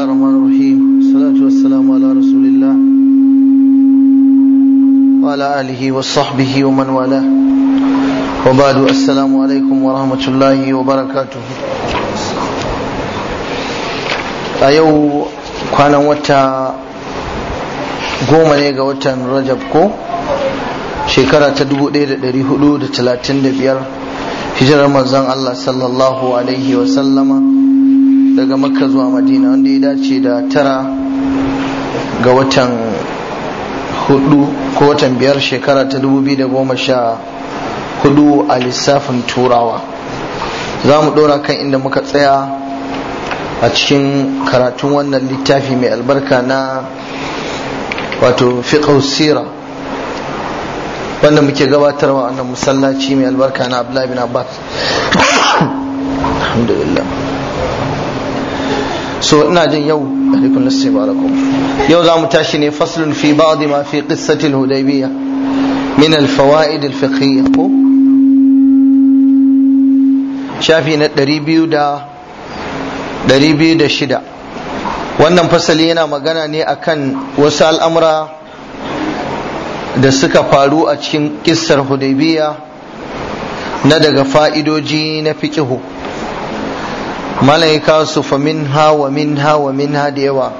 الله الرحمن الرحيم والصلاة والسلام على رسول الله وعلى آله وصحبه ومن والاه وبعد السلام عليكم ورحمة الله وبركاته أيو كان وتا goma ne ga watan rajab ko shekara ta 1435 hijirar manzon Allah sallallahu alaihi wa sallama daga makka zuwa madina wanda ya dace da tara ga watan hudu ko watan biyar shekara ta dubu biyu da goma sha hudu a lissafin turawa za mu dora kan inda muka tsaya a cikin karatun wannan littafi mai albarka na wato fiqh sira wanda muke gabatarwa wannan musallaci mai albarka na abdullahi bin abbas alhamdulillah so ina jin yau alaikun nasi barakum yau za mu tashi ne faslun fi ba'd ma fi qissatil hudaybiyya min al fawaid al fiqhiyya ko shafi na 200 da 206 wannan fasali yana magana ne akan wasu al'amura da suka faru a cikin kissar hudaybiyya na daga fa'idoji na fiqihu malaika su fa minha wa minha wa ha da yawa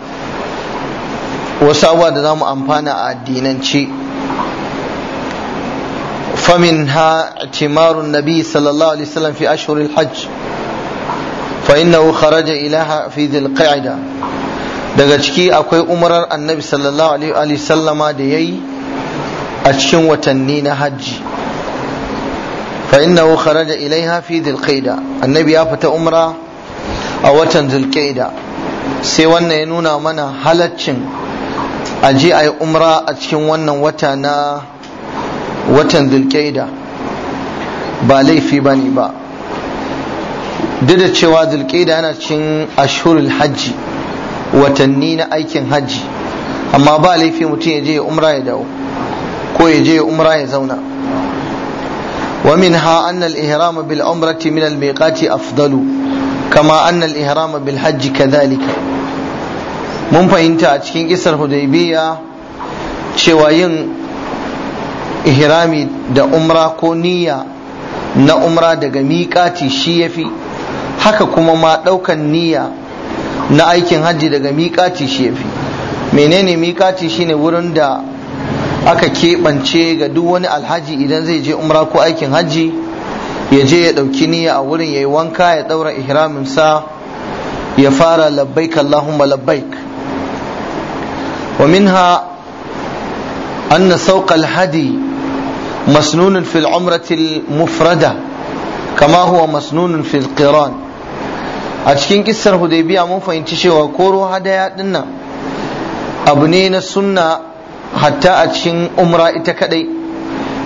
wasu abubuwa da za mu amfana a addinance فمنها اعتمار النبي صلى الله عليه وسلم في أشهر الحج فإنه خرج إليها في ذي القعدة daga ciki akwai umarar annabi sallallahu alaihi sallama da ya yi a cikin watanni na hajji fa innahu da ilaiha fi dhilqaida annabi ya fita umra a watan zulqa'ida sai wannan ya nuna mana halaccin a je a yi umra a cikin wannan wata na watan zulqa'ida ba laifi ba ne ba duk da cewa zulqa'ida yana cikin ashurul hajji watanni na aikin hajji amma ba laifi mutum ya je ya umra ya dawo ko ya je ya umra ya zauna wa min ha annal ihrama bil umrati min al afdalu kama annal ihrama bil hajji kadhalika mun fahimta a cikin kisar hudaybiya cewa yin ihrami da umra ko niyya na umra daga miƙati shi yafi haka kuma ma ɗaukan niyya na aikin hajji daga miƙati shi yafi menene miƙati shine wurin da aka keɓance ga duk wani alhaji idan zai je umra ko aikin hajji ya je ya ɗauki niyya a wurin ya yi wanka ya ɗaura ihraminsa ya fara labbaik Allahumma labbaik wa minha anna sauƙa alhadi masnunun fil umratil mufrada kama huwa masnunun fil qiran a cikin kissar hudaybiya mun fahimci cewa koro hadaya dinnan abu ne na sunna hatta a cikin umra ita kadai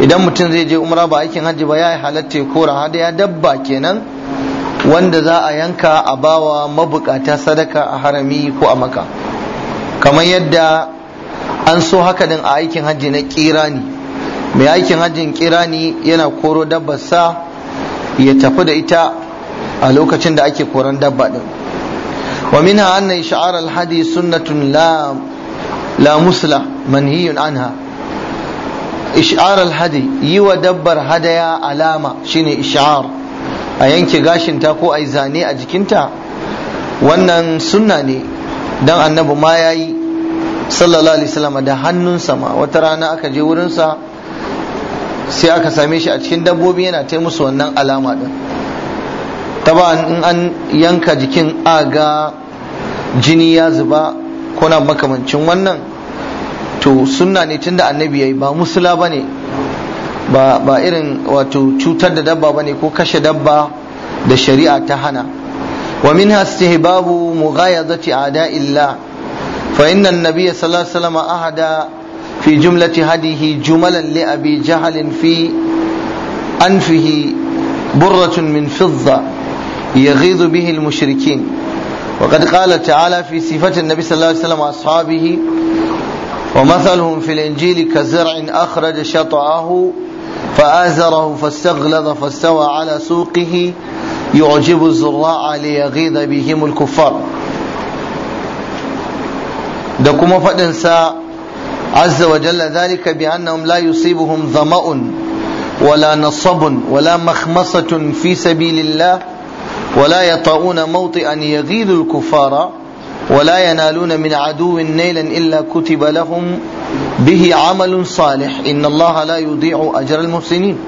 idan mutum zai je umra ba aikin hajji ba ya yi halatta ya kora ya dabba kenan wanda za a yanka a bawa mabukata sadaka a harami ko a maka kamar yadda an so haka din a aikin hajji na kirani mai aikin hajjin kirani yana koro dabba sa ya tafi da ita a lokacin da ake koron dabba din wa minha anna ish'ar alhadi hadi sunnatun la la musla manhiyun anha ish'ar alhadi yi wa dabbar hadaya alama shine ish'ar a yanke gashinta ko a yi zane a jikinta wannan sunna ne don annabi ma ya yi sallallahu alaihi wasallam da hannunsa ma wata rana aka je wurinsa sai aka same shi a cikin dabbobi yana ta musu wannan alama din taba in an yanka jikin aga jini ya zuba kuna makamancin wannan to sunna ne tunda annabi yayi ba musula bane ba ba irin wato cutar da dabba bane ko kashe dabba da shari'a ta hana wa minha istihbabu mughayazati illa fa inna an-nabiy sallallahu alaihi wasallam ahada fi jumlati hadihi jumalan li abi jahl fi anfihi برة من فضة يغيظ به المشركين وقد قال تعالى في صفة النبي صلى الله عليه وسلم وأصحابه ومثلهم في الإنجيل كزرع أخرج شطعه فآزره فاستغلظ فاستوى على سوقه يعجب الزراع ليغيظ بهم الكفار دكما فدنسا عز وجل ذلك بأنهم لا يصيبهم ظمأ ولا نصب ولا مخمصة في سبيل الله ولا يطؤون موطئا يغيظ الكفار ولا ينالون من عدو نيلا إلا كتب لهم به عمل صالح إن الله لا يضيع أجر المحسنين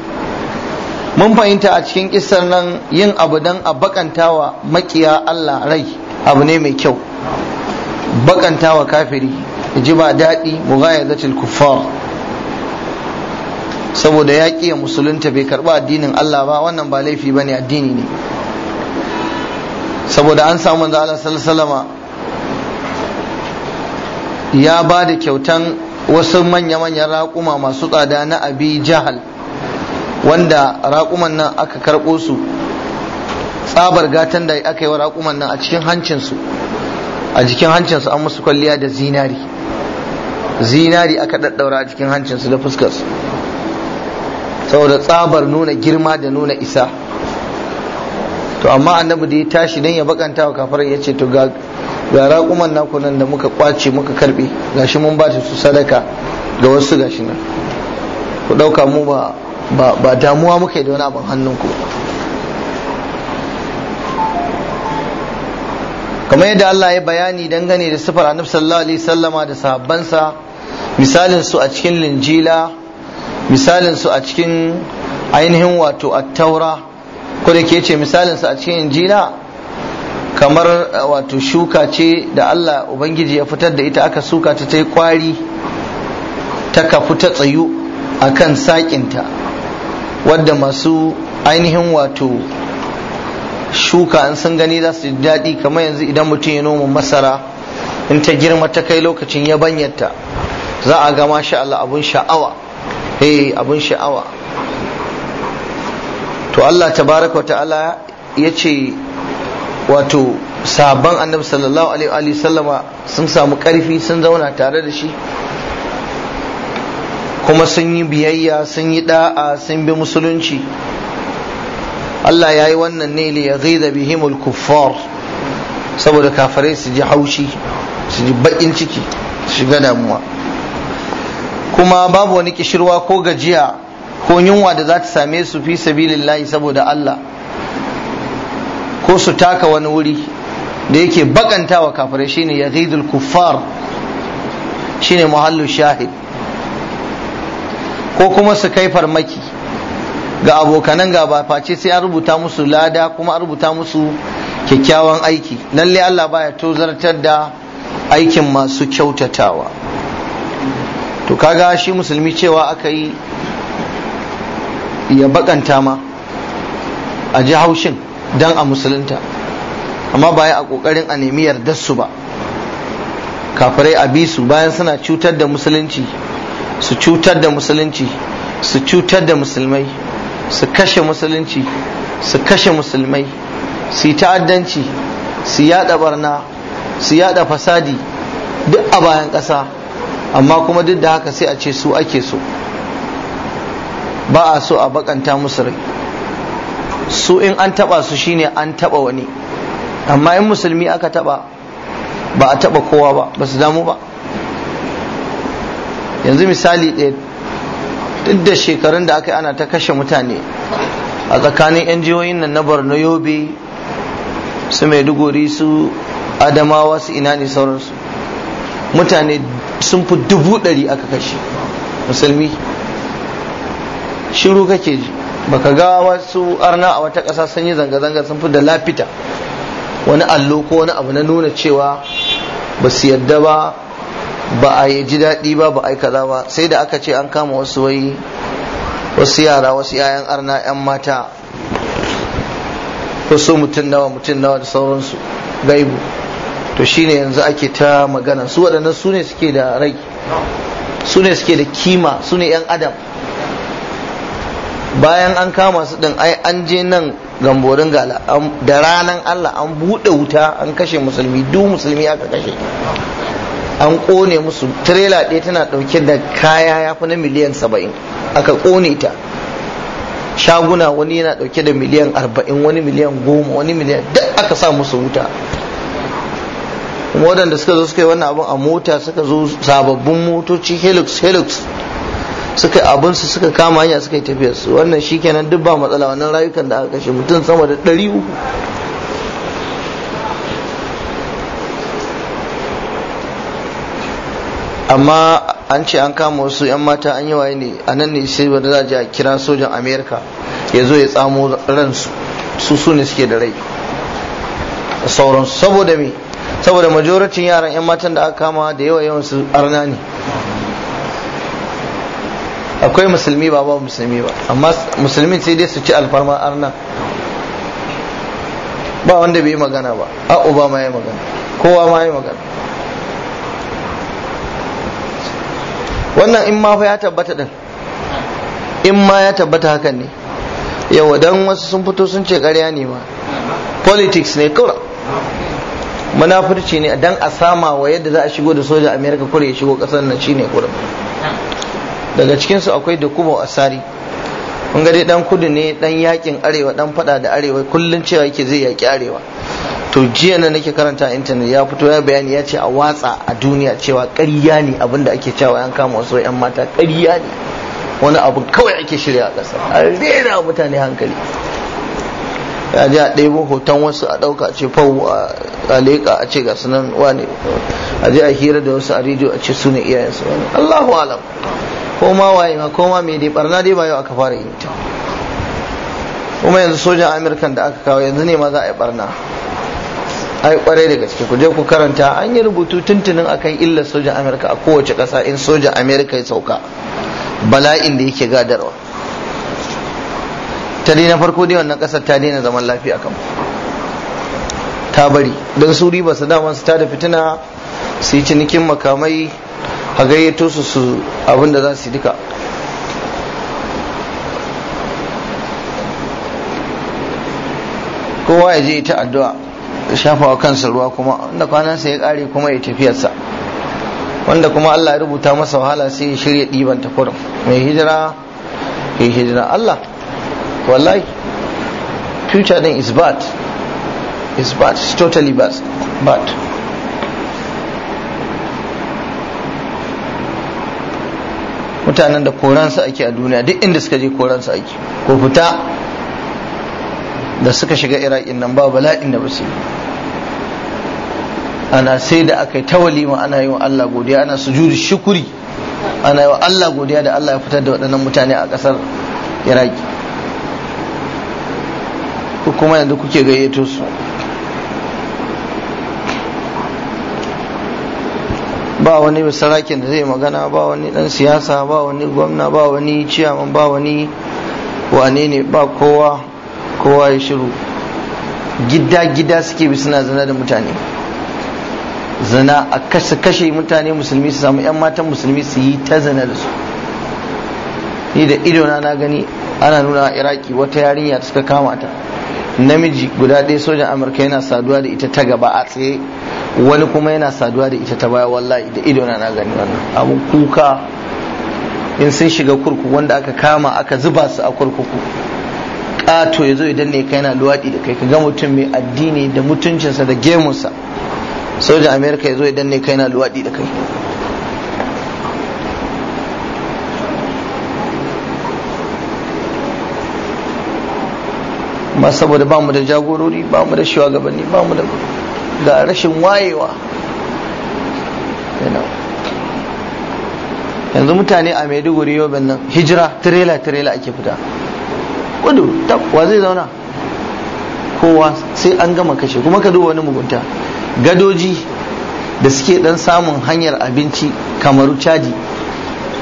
mun fahimta a cikin kisar nan yin abu don a bakantawa makiya Allah rai abu ne mai kyau bakantawa kafiri ji ba daɗi mughayyazatul kuffar saboda yaƙi ya musulunta bai karɓi addinin Allah ba wannan ba laifi bane addini ne saboda an samu manzo Allah sallallahu alaihi ya ba da kyautan wasu manya-manyan raƙuma masu tsada na abi jahal wanda raƙuman nan aka karɓo su tsabar gatan da aka yi wa raƙuman nan a cikin hancinsu a jikin hancinsu an musu kwalliya da zinari zinari aka ɗaɗɗaura a cikin hancinsu da fuskarsu saboda tsabar nuna girma da nuna isa to amma annabi da ya tashi dan ya bakanta wa kafar yace ce to ga ga raƙuman naku nan da muka kwace muka karbe gashi mun ba su sadaka ga wasu gashi nan ku dauka mu ba ba damuwa muka da wani abin hannunku kamar yadda Allah ya bayani dangane da sifar annabi sallallahu alaihi sallama da sahabbansa misalin su a cikin linjila misalin su a cikin ainihin wato at-taura ko da ke ce misalinsa a cikin injila kamar wato shuka ce da Allah Ubangiji ya fitar da ita aka suka ta ta yi kwari ta kafu ta tsayu a kan ta. wadda masu ainihin wato shuka an sun gani za su daɗi kamar yanzu idan mutum ya noma masara in ta girma ta kai lokacin yabanyarta za a ga masha Allah abun sha'awa eh abun sha'awa to Allah tabaraka wa ya ce wato sabon annabi sallallahu alaihi sallama sun samu karfi sun zauna tare da shi kuma sun yi biyayya sun yi da'a sun bi musulunci Allah ya yi wannan ne li ya ghaida bihimul kuffar saboda kafare su ji haushi su ji baƙin ciki su shiga damuwa kuma babu wani kishirwa ko gajiya ko yunwa da za ta same su fi sabilillahi saboda Allah ko su taka wani wuri da yake wa kafirai shine yaghidul kuffar shine muhallu shahid ko kuma su kai farmaki ga abokanan ba face sai an rubuta musu lada kuma an rubuta musu kyakkyawan aiki lalle Allah baya tozartar da aikin masu kyautatawa to kaga shi musulmi cewa aka yi ya bakanta ma a ji haushin don a musulunta amma ba a kokarin a nemi yardar ba kafirai a bi su bayan suna cutar da musulunci su cutar da musulunci su cutar da musulmai su kashe musulunci su kashe musulmai su yi ta'addanci su yada barna su yada fasadi duk a bayan ƙasa amma kuma duk da haka sai a ce su ake so ba a so a bakanta musu rai su in an taba su shine an taba wani amma in musulmi aka taba ba a taba kowa ba ba su damu ba yanzu misali ɗaya duk da shekarun da aka yi ana ta kashe mutane a tsakanin yan jihohin nan na borno yobe su maiduguri su adamawa su ina ne sauransu mutane sun fi dubu ɗari aka kashe musulmi shiru kake ji baka ga wasu arna a wata ƙasa sun yi zanga-zanga sun fi da lafita wani allo ko wani abu na nuna cewa ba su yadda ba ba a yi ji daɗi ba ba a yi kaza ba sai da aka ce an kama wasu wai wasu yara wasu 'ya'yan arna 'yan mata wasu mutum nawa mutum nawa da sauransu gaibu to shine yanzu ake ta magana su waɗannan su ne suke da rai su ne suke da kima su ne 'yan adam bayan an kama su din ai an je nan gamborin gala da ranan Allah an buɗe wuta an kashe musulmi duk musulmi aka kashe an ƙone musu trailer ɗaya tana ɗauke da kaya ya fi na miliyan saba'in aka ƙone ta shaguna wani yana ɗauke da miliyan arba'in wani miliyan goma wani miliyan duk aka sa musu wuta waɗanda suka zo suka yi wannan abin a mota suka zo sababbin motoci helix helix suka abin su suka kama hanya suka yi su wannan shikenan duk ba matsala wannan rayukan da aka kashe mutum sama da ɗari uku amma an ce an kama wasu 'yan mata an yi waye ne a nan ne sai wanda za a je a kira sojan amerika ya zo ya tsamo ransu su su ne suke da rai sauransu saboda me saboda majoracin yaran 'yan matan da aka kama da yawa yawan su arna ne akwai musulmi ba ba musulmi ba amma musulmin sai dai su ci alfarma arna ba wanda bai yi magana ba a uba ma ya magana kowa ma ya magana wannan in ma fa ya tabbata din in ma ya tabbata hakan ne yawa dan wasu sun fito sun ce ƙarya ne ma politics ne kura munafurci ne dan a sama wa yadda za a shigo da soja america kura ya shigo kasar nan shine kura daga cikinsu akwai da kubo asari Mun ga dai dan kudu ne dan yakin arewa dan fada da arewa kullun cewa yake zai yaki arewa to jiya na nake karanta intanet ya fito ya bayani ya ce a watsa a duniya cewa ƙarya ne abin da ake cewa an kama wasu yan mata ƙarya ne wani abu kawai ake shirya a ƙasa a rera mutane hankali ya ji a ɗebo hoton wasu a ɗauka ce fau a leƙa a ce ga sunan wane a je a hira da wasu a rediyo a ce su ne iyayensu wani allahu alam ko ma waye ma ko ma me dai barna dai ba yau aka fara yi ta kuma yanzu sojan amurkan da aka kawo yanzu ne ma za a yi barna ai kwarai da gaske ku je ku karanta an yi rubutu tuntunin akan illar sojan amurka a kowace kasa in sojan amurka ya sauka bala'in da yake gadarwa ta na farko dai wannan ƙasar ta daina zaman lafiya kan ta bari don su riba su daman su ta da fitina su yi cinikin makamai a gayyato su su abinda za su duka kowa ya je ta addu'a shafa wa kansa ruwa kuma wanda kwanansa ya kare kuma ya tafiyarsa wanda kuma Allah ya rubuta masa wahala sai ya shirya ɗiban ta kurum mai hijira ya hijira Allah wallahi future din is bad is bad totally bad mutanen da koransu ake a duniya duk inda suka je koransu ake ko fita da suka shiga Iraƙin nan ba bala'in da basu ana sai da aka yi ta walima ana yi wa Allah godiya ana juri shukuri ana yi wa Allah godiya da Allah ya fitar da waɗannan mutane a ƙasar iraki kuma yanzu kuke gayyato su ba wani sarakin da zai magana ba wani dan siyasa ba wani gwamna ba wani ciyaman ba wani wane ne ba kowa kowa ya shiru gida gida suke bi suna zana da mutane zana a kashe kashe mutane musulmi su samu yan matan musulmi su yi ta zana da su ni da idona na gani ana nuna iraki wata yarinya suka kama ta namiji guda ɗaya sojan amurka yana saduwa da ita ta gaba a tsaye wani kuma yana saduwa da ita ta baya wallahi da ido na gani wannan abun kuka in sun shiga kurkuku wanda aka kama aka zuba su a kurkuku ƙato ya zo idan ne kai yana luwaɗi da kai ka ga mutum mai addini da mutuncinsa da gemunsa sojan Amurka ya zo idan ne kai yana luwaɗi da kai amma saboda ba mu da jagorori ba mu da shugabanni ba mu da rashin wayewa yanzu mutane a maiduguri yau nan hijira tirela tirela ake fita kudu wa zai zauna kowa sai an gama kashe kuma ka duba wani mugunta gadoji da suke dan samun hanyar abinci kamaru caji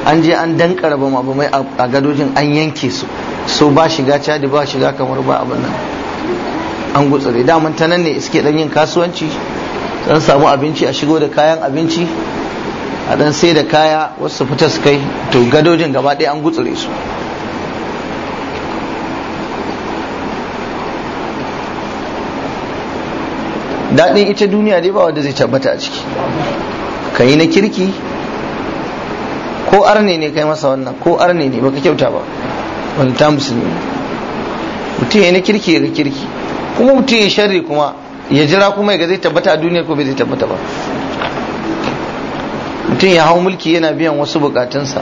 an je an dankara ba abu mai a gadojin an yanke su so ba shiga cadi ba shiga kamar ba abin nan an gutsure daman ta nan ne suke dan yin kasuwanci dan samu abinci a shigo da kayan abinci a dan sai da kaya wasu fita su kai to gadojin gaba ɗaya an gutsure su daɗin ita duniya dai ba wanda zai tabbata a ciki ka yi na kirki ko arne ne kai masa wannan ko arne ne baka kyauta ba wani ta musulmi mutum ya na kirki ya ga kirki kuma mutum ya sharri kuma ya jira kuma ya ga zai tabbata a duniya ko bai zai tabbata ba mutum ya hau mulki yana biyan wasu bukatunsa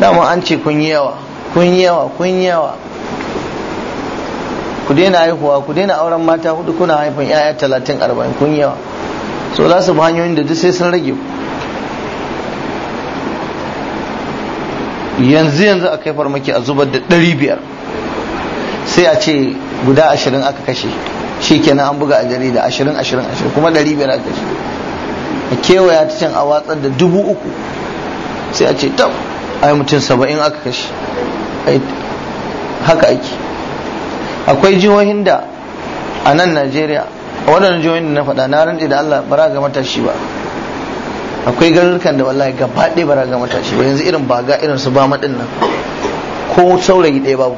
dama an ce kun yi yawa kun yi yawa kun yi yawa ku daina haihuwa ku daina auren mata hudu kuna haifin 'ya'ya talatin arba'in kun yi yawa so za su bi hanyoyin da duk sai sun rage ku yanzu yanzu a kai farmaki a zubar da ɗari biyar sai a ce guda ashirin aka kashe shi kenan an buga a jarida ashirin ashirin ashirin kuma ɗari biyar aka kashe a kewaya ta can a watsar da dubu uku sai a ce tab ai mutum saba'in aka kashe haka ake akwai jihohin da a nan najeriya a waɗannan jihohin da na faɗa na rantse da allah ba za ga matashi ba akwai garurukan da wallahi gaba ɗaya bara ga matashi ba yanzu irin baga irin su ba maɗin nan ko saurayi ɗaya babu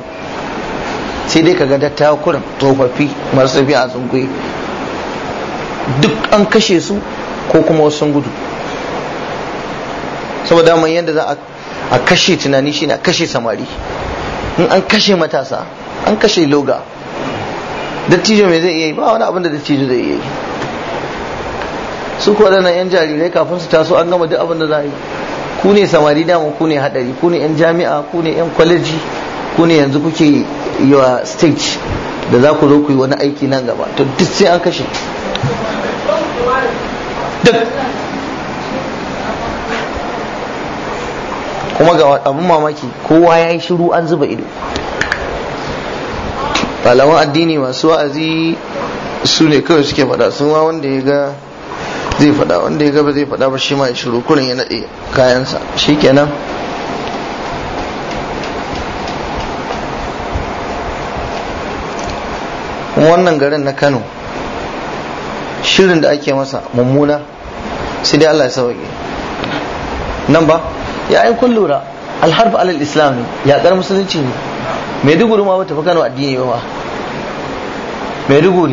sai dai kaga dattawa kuran, tsofaffi masu tafiya a tsunkuyi duk an kashe su ko kuma wasu sun gudu saboda mai yadda za a kashe tunani shine a kashe samari in an kashe matasa an kashe loga dattijo mai zai iya yi ba wani abin da dattijo zai iya yi su ko waɗannan 'yan jarirai kafin su taso an gama duk abin da za a yi ku ne samari dama ku ne haɗari ku ne 'yan jami'a ku ne 'yan kwaleji ku ne yanzu kuke yi wa stage da za ku zo ku yi wani aiki nan gaba to duk sai an kashe kuma ga abin mamaki kowa ya yi shiru an zuba ido malaman addini masu wa'azi su ne kawai suke faɗa sun wa wanda ya ga zai faɗa wanda ya gaba zai faɗa ba shi ma ya shiru kurin ya naɗe kayansa shi kenan kuma wannan garin na kano shirin da ake masa mummuna sai dai allah ya sauke nan ba yayin kun lura alharba alal islam ne yaƙar musulunci ne mai duguri ma bata fi kano addini ba mai ba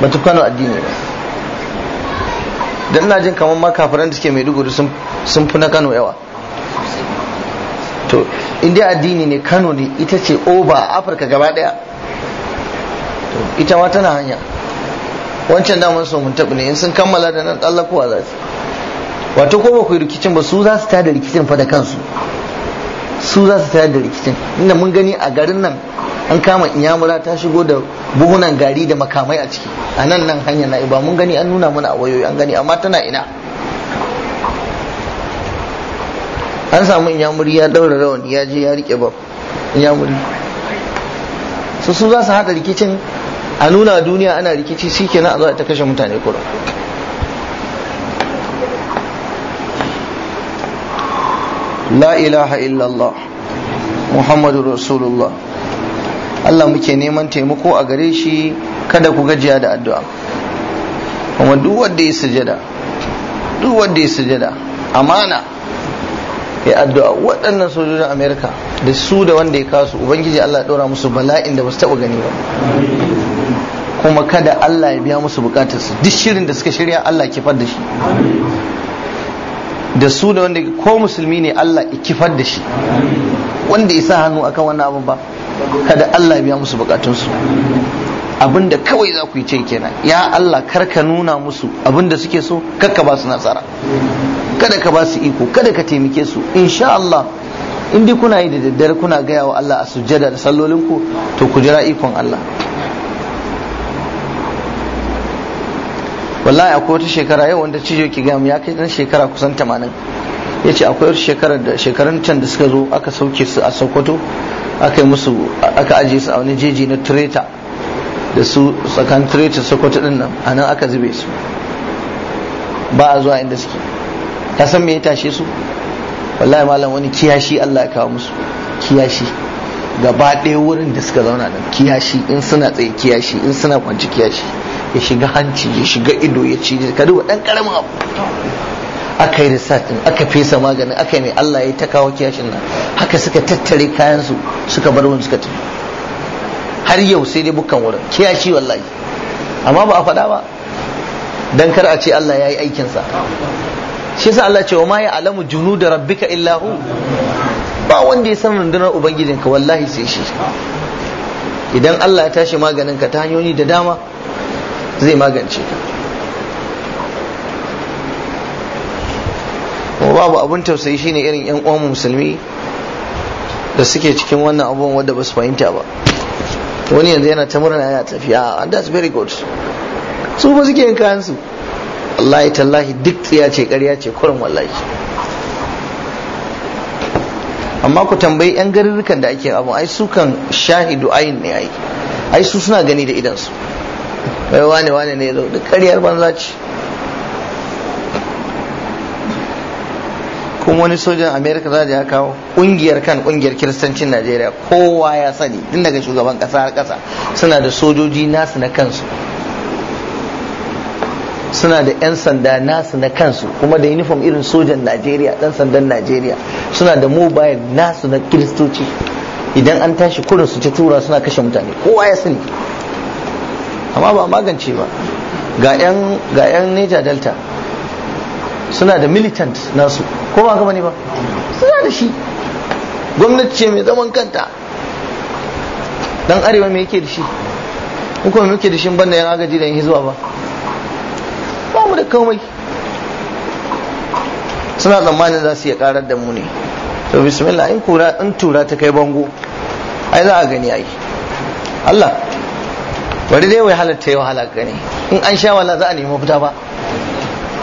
bata fi kano addini ba dan ina jin kamar ma kafiran da suke Maiduguri sun sun fi na Kano yawa to in addini ne Kano ne ita ce oba Afirka gaba daya to ita ma tana hanya wancan damar so mun tabu ne in sun kammala da nan Allah kowa za su wato ko ba ku rikicin ba su za su tada rikicin fa da kansu su za su tayar da rikicin inda mun gani a garin nan an kama inyamura ta shigo da buhunan gari da makamai a ciki a nan nan hanyar na iba mun gani an nuna mana a wayoyi an gani amma tana ina an samu inyamuri ya daura rawani ya je ya rike bab inyamuri su su za su haɗa rikicin a nuna duniya ana rikici shi kenan a zo ta kashe mutane kura la ilaha illallah muhammadu rasulullah Allah muke neman taimako a gare shi kada ku gajiya da addu'a kuma duk wanda ya sujada duk wanda ya sujada amana ya addu'a waɗannan sojojin Amerika da su da wanda ya kasu ubangiji Allah ya ɗora musu bala'in da ba su taɓa gani ba kuma kada Allah ya biya musu bukatarsu duk shirin da suka shirya Allah kifar da shi da su da wanda ko musulmi ne Allah ya kifar da shi wanda ya sa hannu akan wannan abin ba kada Allah biya musu bukatunsu abinda kawai za ku yi ce kenan ya Allah kar ka nuna musu abinda suke so kar ka ba su nasara kada ka ba su iko kada ka taimake su insha Allah in dai kuna yi da daddare kuna gaya wa Allah a sujjada da sallolinku to ku jira ikon Allah wallahi akwai wata shekara yau wanda cijo ki gam ya kai dan shekara kusan 80 yace akwai wata shekara da shekarun can da suka zo aka sauke su a Sokoto aka yi musu aka aje su a wani jeji na Treta da su tsakan Treta Sokoto din nan anan aka zube su ba a zuwa inda suke ka san me ya tashe su wallahi malam wani kiyashi Allah ya kawo musu kiyashi gaba ɗaya wurin da suka zauna nan kiyashi in suna tsaye kiyashi in suna kwanci kiyashi ya shiga hanci ya shiga ido ya ci ka duba ɗan ƙaramin abu aka yi research aka fesa maganin aka yi Allah ya ta kawo kiyashin nan haka suka tattare kayansu suka bar wani suka tafi har yau sai dai bukan wurin kiyashi wallahi amma ba a faɗa ba dan kar a ce Allah ya yi aikinsa shi yasa Allah ce wa ma ya alamu da rabbika illahu ba wanda ya san rundunar ka wallahi sai shi idan Allah ya tashi maganin ka ta hanyoyi da dama zai magance ka babu abun tausayi shine irin yan uwan musulmi da suke cikin wannan abubuwan wadda ba su fahimta ba wani yanzu yana ta murna yana tafiya ah, and that's very good su ba suke yin kayan su wallahi tallahi duk tsiya ce ƙarya ce kurin wallahi amma ku tambayi yan garirrikan da ake abu ai su kan shahidu ayin ne ai ai su suna gani da su wai wane wane ne zo duk ƙaryar banza ce kuma wani sojan america za ya kawo ƙungiyar kan ƙungiyar kiristancin najeriya kowa ya sani tun daga shugaban ƙasa har ƙasa suna da sojoji nasu na kansu suna da 'yan sanda nasu na kansu kuma da uniform irin sojan najeriya dan sandan najeriya suna da mobile nasu na kiristoci idan an tashi kurin su ci tura suna kashe mutane kowa ya sani amma ba magance ba ga 'yan neja delta suna da militant nasu ko ba gaba ne ba suna da shi gwamnati ce mai zaman kanta dan arewa me yake da shi kuma muke da shi ban da yan agaji da yan hizuwa ba mu da komai suna tsammanin za su iya karar da mu ne to bismillah in kura in tura ta kai bango ai za a gani ai Allah bari dai wai halatta yau wahala gani in an sha wala za a nemi fita ba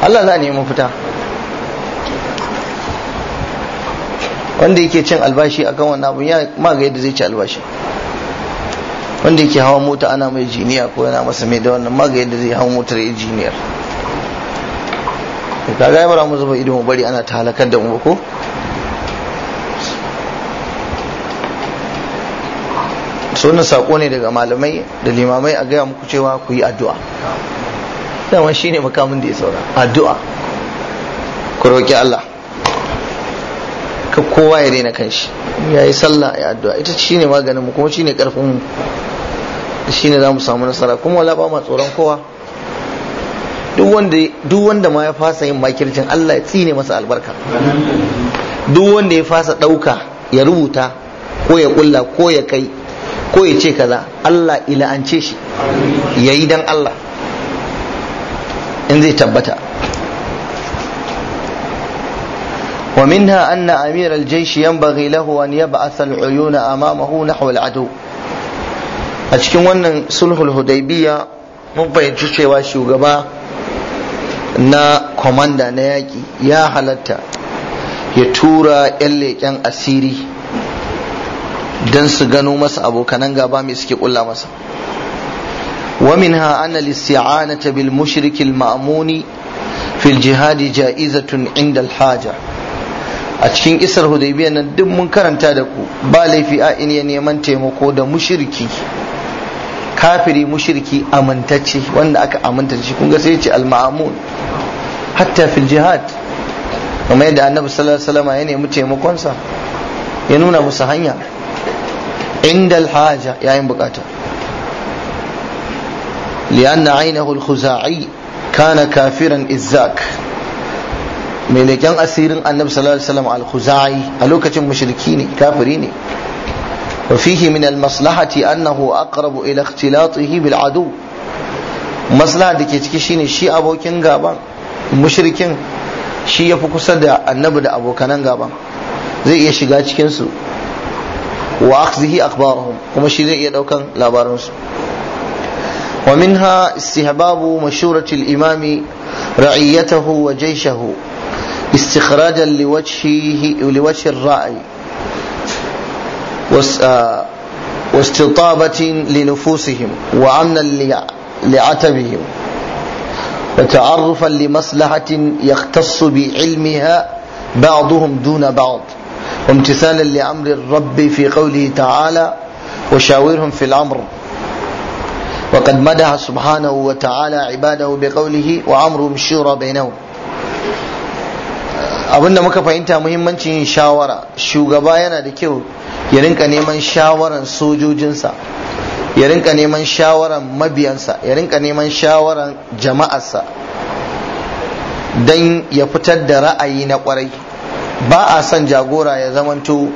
Allah za a nemi fita wanda yake cin albashi akan wannan abun ya maga yadda zai ci albashi wanda yake hawa mota ana mai jiniya ko yana masa mai da wannan maga yadda zai hawa motar ya jiniyar to kaga ba mu zuba idon mu bari ana ta halakar da mu ko sunan sako ne daga malamai da limamai a gaya muku cewa ku yi addu'a dama shi ne makamin da ya saura addu'a ku roƙi Allah ka kowa ya daina kanshi ya yi sallah ya addu'a ita shi ne maganin mu kuma shi ne ƙarfin mu shi ne za mu samu nasara kuma wala ba ma tsoron kowa duk wanda ma ya fasa yin makircin Allah ya tsine masa albarka duk wanda ya fasa ɗauka ya rubuta ko ya kulla ko ya kai ko ya ce kaza Allah ila'ance shi ya yi dan Allah in zai tabbata Wa ومنها أن أمير الجيش ينبغي له أن يبعث العيون أمامه نحو A cikin wannan صلح الهديبية mun fahimci cewa shugaba na kwamanda na yaki ya halatta ya tura yan leƙen asiri don su gano masa abokanan gaba mai suke kula masa wamin ha an na lissiya na ma'amuni fil jihadi ja'izatun inda a cikin isar hudaibiyar na mun karanta da ku ba laifi a neman taimako da mushiriki. kafiri mushriki amintacce wanda aka aminta shi kun ga sai ce al-ma'mun hatta fil jihad kuma yadda annabi sallallahu alaihi wasallam ya nemi taimakon sa ya nuna musu hanya inda al-haja yayin bukata aynahu al-khuza'i kana kafiran izzak mai leken asirin annabi sallallahu alaihi wasallam al-khuzai a lokacin mushriki ne kafiri ne wa fihi min al maslahati annahu aqrab ila ikhtilatihi bil adu maslaha dake ciki shine shi abokin gaban mushrikin shi yafi kusa da annabi da abokan gaban zai iya shiga cikin su wa akhzihi akhbarahum kuma shi zai iya ɗaukan labaransu. wa minha istihbabu mashurati al imami ra'iyatahu wa jayshahu istikhrajan liwajhihi liwajhi ar-ra'i آه، واستطابة لنفوسهم وأمنا لعتبهم وتعرفا لمصلحة يختص بعلمها بعضهم دون بعض وامتثالا لأمر الرب في قوله تعالى وشاورهم في الأمر وقد مدح سبحانه وتعالى عباده بقوله وأمرهم شورى بينهم abin da muka fahimta muhimmancin shawara shugaba yana da kyau ya rinka neman shawaran sojojinsa ya rinka neman shawaran mabiyansa ya rinka neman shawaran jama'arsa don ya fitar da ra'ayi na kwarai ba a son jagora ya zamanto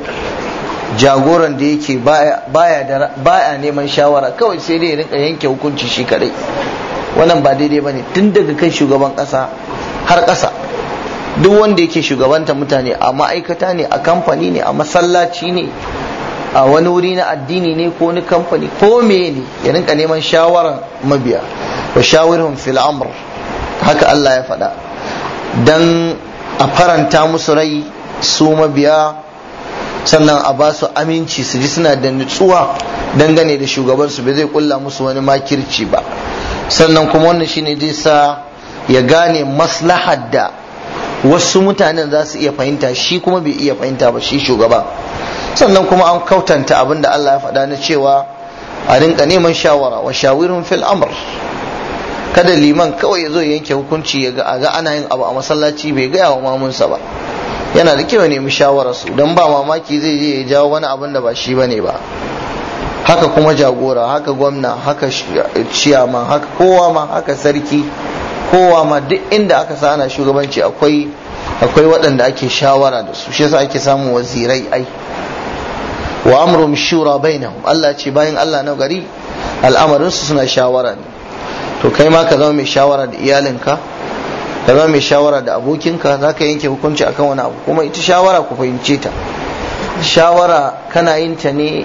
jagoran da yake baya neman shawara kawai sai dai ya rinka yanke hukunci shi kadai wannan ba daidai ba ne tun daga kan shugaban ƙasa har ƙasa duk wanda yake shugabanta mutane a ma'aikata ne a kamfani ne a masallaci ne a wani wuri na addini ne ko wani kamfani ko me ne ya rinka neman shawaran mabiya wa shawirhum fil haka Allah ya faɗa dan a faranta musu rai su mabiya sannan a ba su aminci su ji suna da nutsuwa dangane da shugabansu bai zai kulla musu wani makirci ba sannan kuma wannan shine zai sa ya gane maslahar da wasu mutanen za su iya fahimta shi kuma bai iya fahimta ba shi shugaba sannan kuma an kautanta abin da Allah ya faɗa na cewa a rinka neman shawara wa shawirin fil amr kada liman kawai ya zo yanke hukunci ya ga ga ana yin abu a masallaci bai gaya wa mamunsa ba yana da kyau nemi shawararsu don ba mamaki zai je ya jawo wani abin da ba shi bane ba haka kuma jagora haka gwamna haka eh, ciyama haka kowa ma haka sarki kowa ma duk inda aka sa ana shugabanci akwai akwai waɗanda ake shawara da su shi yasa ake samun wazirai ai wa amru shura bainahum Allah ce bayan Allah na gari al'amarin su suna shawara ne to kai ma ka zama mai shawara da iyalinka ka zama mai shawara da abokinka za ka yanke hukunci akan wani abu kuma ita shawara ku fahimce ta shawara kana yin ta ne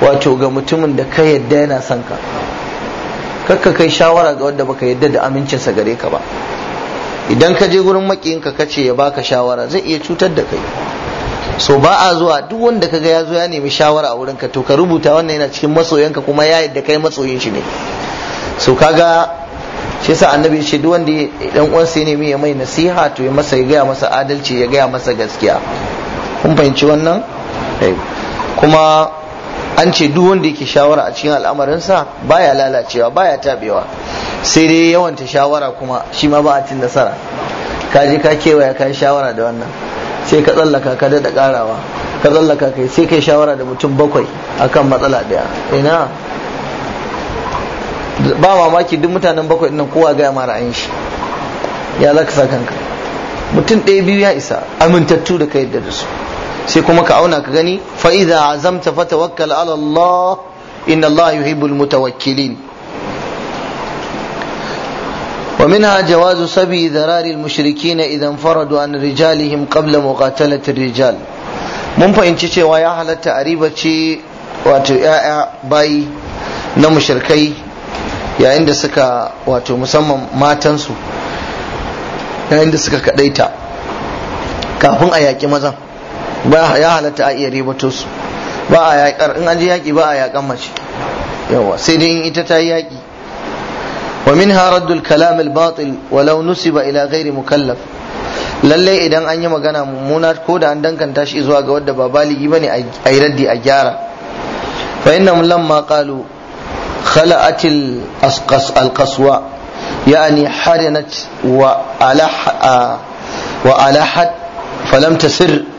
wato ga mutumin da ka yadda yana son ka kakka kai shawara ga wanda baka yadda da amincinsa gare ka ba idan ka je gurin makiyinka ka ce ya baka shawara zai iya cutar da kai so ba a zuwa duk wanda kaga ya zo ya nemi shawara a wurinka to ka rubuta wannan yana cikin masoyanka kuma ya yadda kai masoyin shi ne so kaga shi yasa annabi ya ce duk wanda dan uwan ya nemi ya mai nasiha to ya masa ya gaya masa adalci ya gaya masa gaskiya kun fahimci wannan eh. kuma an ce duk wanda yake shawara a cikin al'amarinsa baya lalacewa baya tabewa sai dai yawanta shawara kuma shi ma ba a cin nasara ka je ka kewaya ka shawara da wannan sai ka tsallaka ka daɗa ƙarawa ka tsallaka kai sai kai shawara da mutum bakwai akan matsala ɗaya ina ba mamaki duk mutanen bakwai ɗin kowa gaya ma ra'ayin shi ya za ka sa kanka mutum ɗaya biyu ya isa amintattu da ka yadda da su sai kuma ka auna ka gani fa idza azamta fatawakkal ala Allah inna Allah yuhibbul mutawakkilin wa minha jawazu sabi dharari al mushrikin idza faradu an rijalihim qabla muqatalati ar rijal mun fahimci cewa ya halatta a riba wato ya'ya bayi na mushrikai yayin da suka wato musamman matansu yayin da suka kadaita kafin a yaƙi mazan ba ya halatta a iya ribato su ba a yaƙar in an je yaƙi ba a yaƙan mace yawa sai dai ita ta yi yaƙi wa min raddul kalam al batil walau nusiba ila ghairi mukallaf lallai idan an yi magana mummuna ko da an danganta shi zuwa ga wadda ba baligi bane a yi raddi a gyara fa innahum lamma qalu harinat wa ala wa ala had falam tasir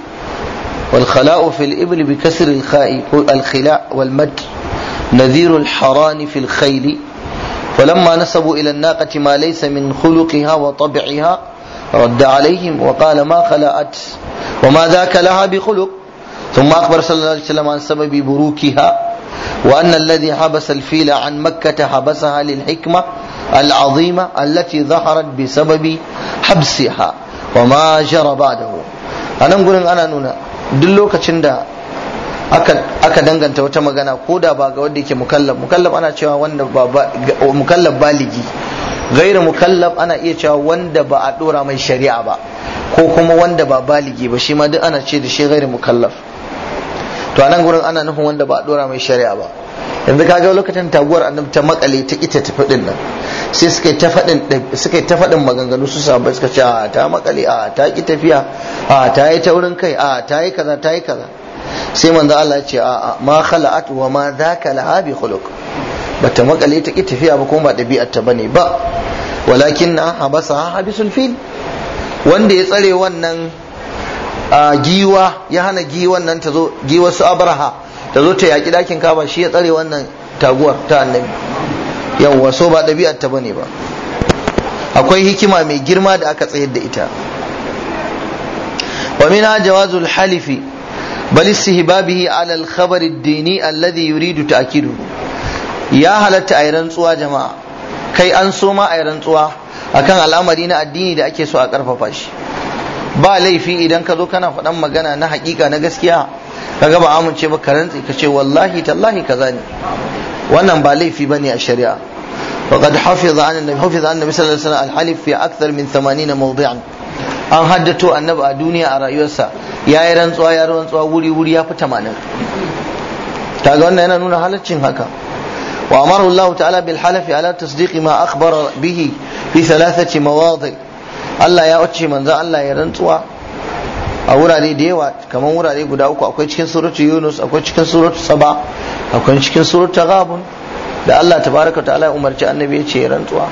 والخلاء في الإبل بكسر الخاء الخلاء والمد نذير الحران في الخيل فلما نسبوا إلى الناقة ما ليس من خلقها وطبعها رد عليهم وقال ما خلأت وما ذاك لها بخلق ثم أخبر صلى الله عليه وسلم عن سبب بروكها وأن الذي حبس الفيل عن مكة حبسها للحكمة العظيمة التي ظهرت بسبب حبسها وما جرى بعده أنا نقول أنا نونا duk lokacin da aka danganta wata magana ko da ba ga wanda yake mukallab mukallab ana cewa wanda ba mukallab baligi gaira mukallab ana iya cewa wanda ba a dora mai shari'a ba ko kuma wanda ba baligi ba shi ma duk ana ce da shi gaira mukallaf to anan gurin ana nufin wanda ba a dora mai shari'a ba yanzu kaga lokacin taguwar annabi ta makale ta ita ta faɗin nan sai suka ta faɗin suka ta fadin maganganu su samu suka ce a ah, ta makale a ah, ta ki tafiya a ah, ta yi taurin kai a ta yi kaza ta yi kaza sai manzo Allah ya ce a ma khala'at wa ma dhaka lahabi khuluq bata makale ta ki tafiya ba kuma ba dabi'ar ta bane ba walakin na habasa habisul fil wanda ya tsare wannan giwa ya hana giwan nan ta zo giwa su abraha ta zo ta yaƙi ɗakin kaba shi ya tsare wannan taguwar ta annabi yawwa so ba ɗabi'ar ta bane ba akwai hikima mai girma da aka tsayar da ita wa minha jawazul halifi bal istihbabihi ala al khabar ad dini alladhi yuridu ta'kidu ya halatta ayi rantsuwa jama'a kai an so ma ayi rantsuwa akan al'amari na addini da ake so a karfafa shi ba laifi idan ka zo kana faɗan magana na haƙiƙa na gaskiya kaga ba amince ba ka rantsi ka ce wallahi tallahi kaza ne wannan ba laifi bane a shari'a وقد حفظ عن النبي حفظ عن النبي صلى الله عليه وسلم الحلف في اكثر من 80 موضعا an haddato annabi a duniya a rayuwarsa ya yi rantsuwa ya rantsuwa wuri wuri ya fi tamanin ga wannan yana nuna halaccin haka wa amara Allah ta'ala bil halafi ala tasdiqi ma akhbara bihi fi thalathati mawadi Allah ya wace manzo Allah ya rantsuwa a wurare da yawa kamar wurare guda uku akwai cikin suratu yunus akwai cikin suratu saba akwai cikin suratu gabun da Allah tabaraka ta'ala ya umarci annabi ya ce rantsuwa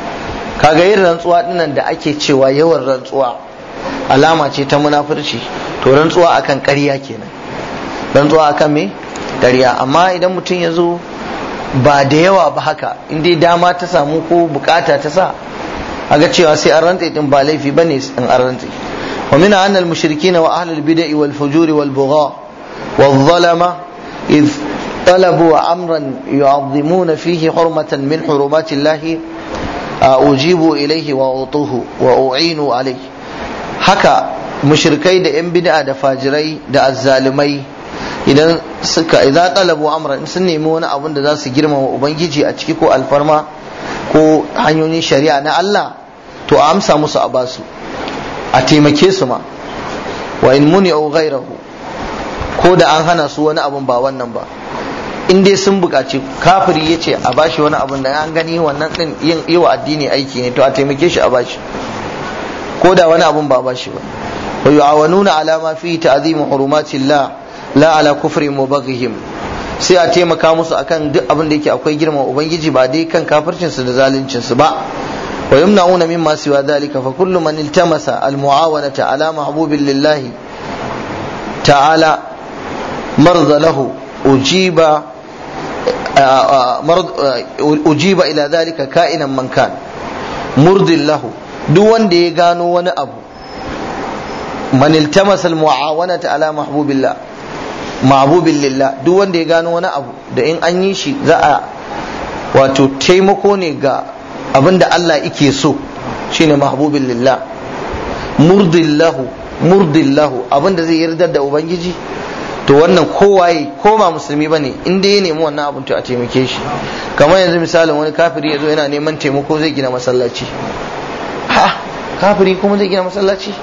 kaga yin rantsuwa dinnan da ake cewa yawan rantsuwa alama ce ta munafurci to rantsuwa akan ƙarya kenan rantsuwa akan me ƙarya amma idan mutum ya zo ba da yawa ba haka in dai dama ta samu ko bukata ta sa aga cewa sai an rantse din ba laifi bane in an rantse ومنها أن المشركين وأهل البدع والفجور والبغاء والظلمة إذ طلبوا أمرا يعظمون فيه حرمة من حرمات الله أجيبوا إليه وأعطوه وأعينوا عليه haka mushrikai da 'yan bid'a da fajirai da azzalumai idan suka idan talabu amran sun nemi wani abun da zasu su girmama ubangiji a ciki ko alfarma ko hanyoyin shari'a na Allah to a amsa musu a basu a taimake su ma wa in muni au ghairahu ko da an hana su wani abun ba wannan ba in dai sun buƙaci kafiri ya ce a bashi wani abun da an gani wannan din yin yi wa addini aiki ne to a taimake shi a bashi ko da wani abun ba bashi ba wa yu'awanuna ala ma fi ta'zim hurumatillah la ala kufri mubaghihim sai a taimaka musu akan duk abin da yake akwai girma ubangiji ba dai kan kafircin su da zaluncin su ba Wai nuna una min masuwa Fa kullum a ina mani tammas almu'awana alama ta'ala marza lahu. Ojiɓa ila zalika kainan man kan. Murdilahu duwanda ya gano wani abu. Mani tammas almu'awana alama abubu biyar lillah duwanda ya gano wani abu. Da in an yi shi za'a wato taimako ne ga. abinda Allah yake so shine mahbubin lillah murdillahu murdillahu abinda zai yarda da ubangiji to wannan kowaye ko ba musulmi bane in dai ya nemi wannan abin to a taimake shi kamar yanzu misalin wani kafiri ya zo yana neman taimako zai gina masallaci ha kafiri kuma zai gina masallaci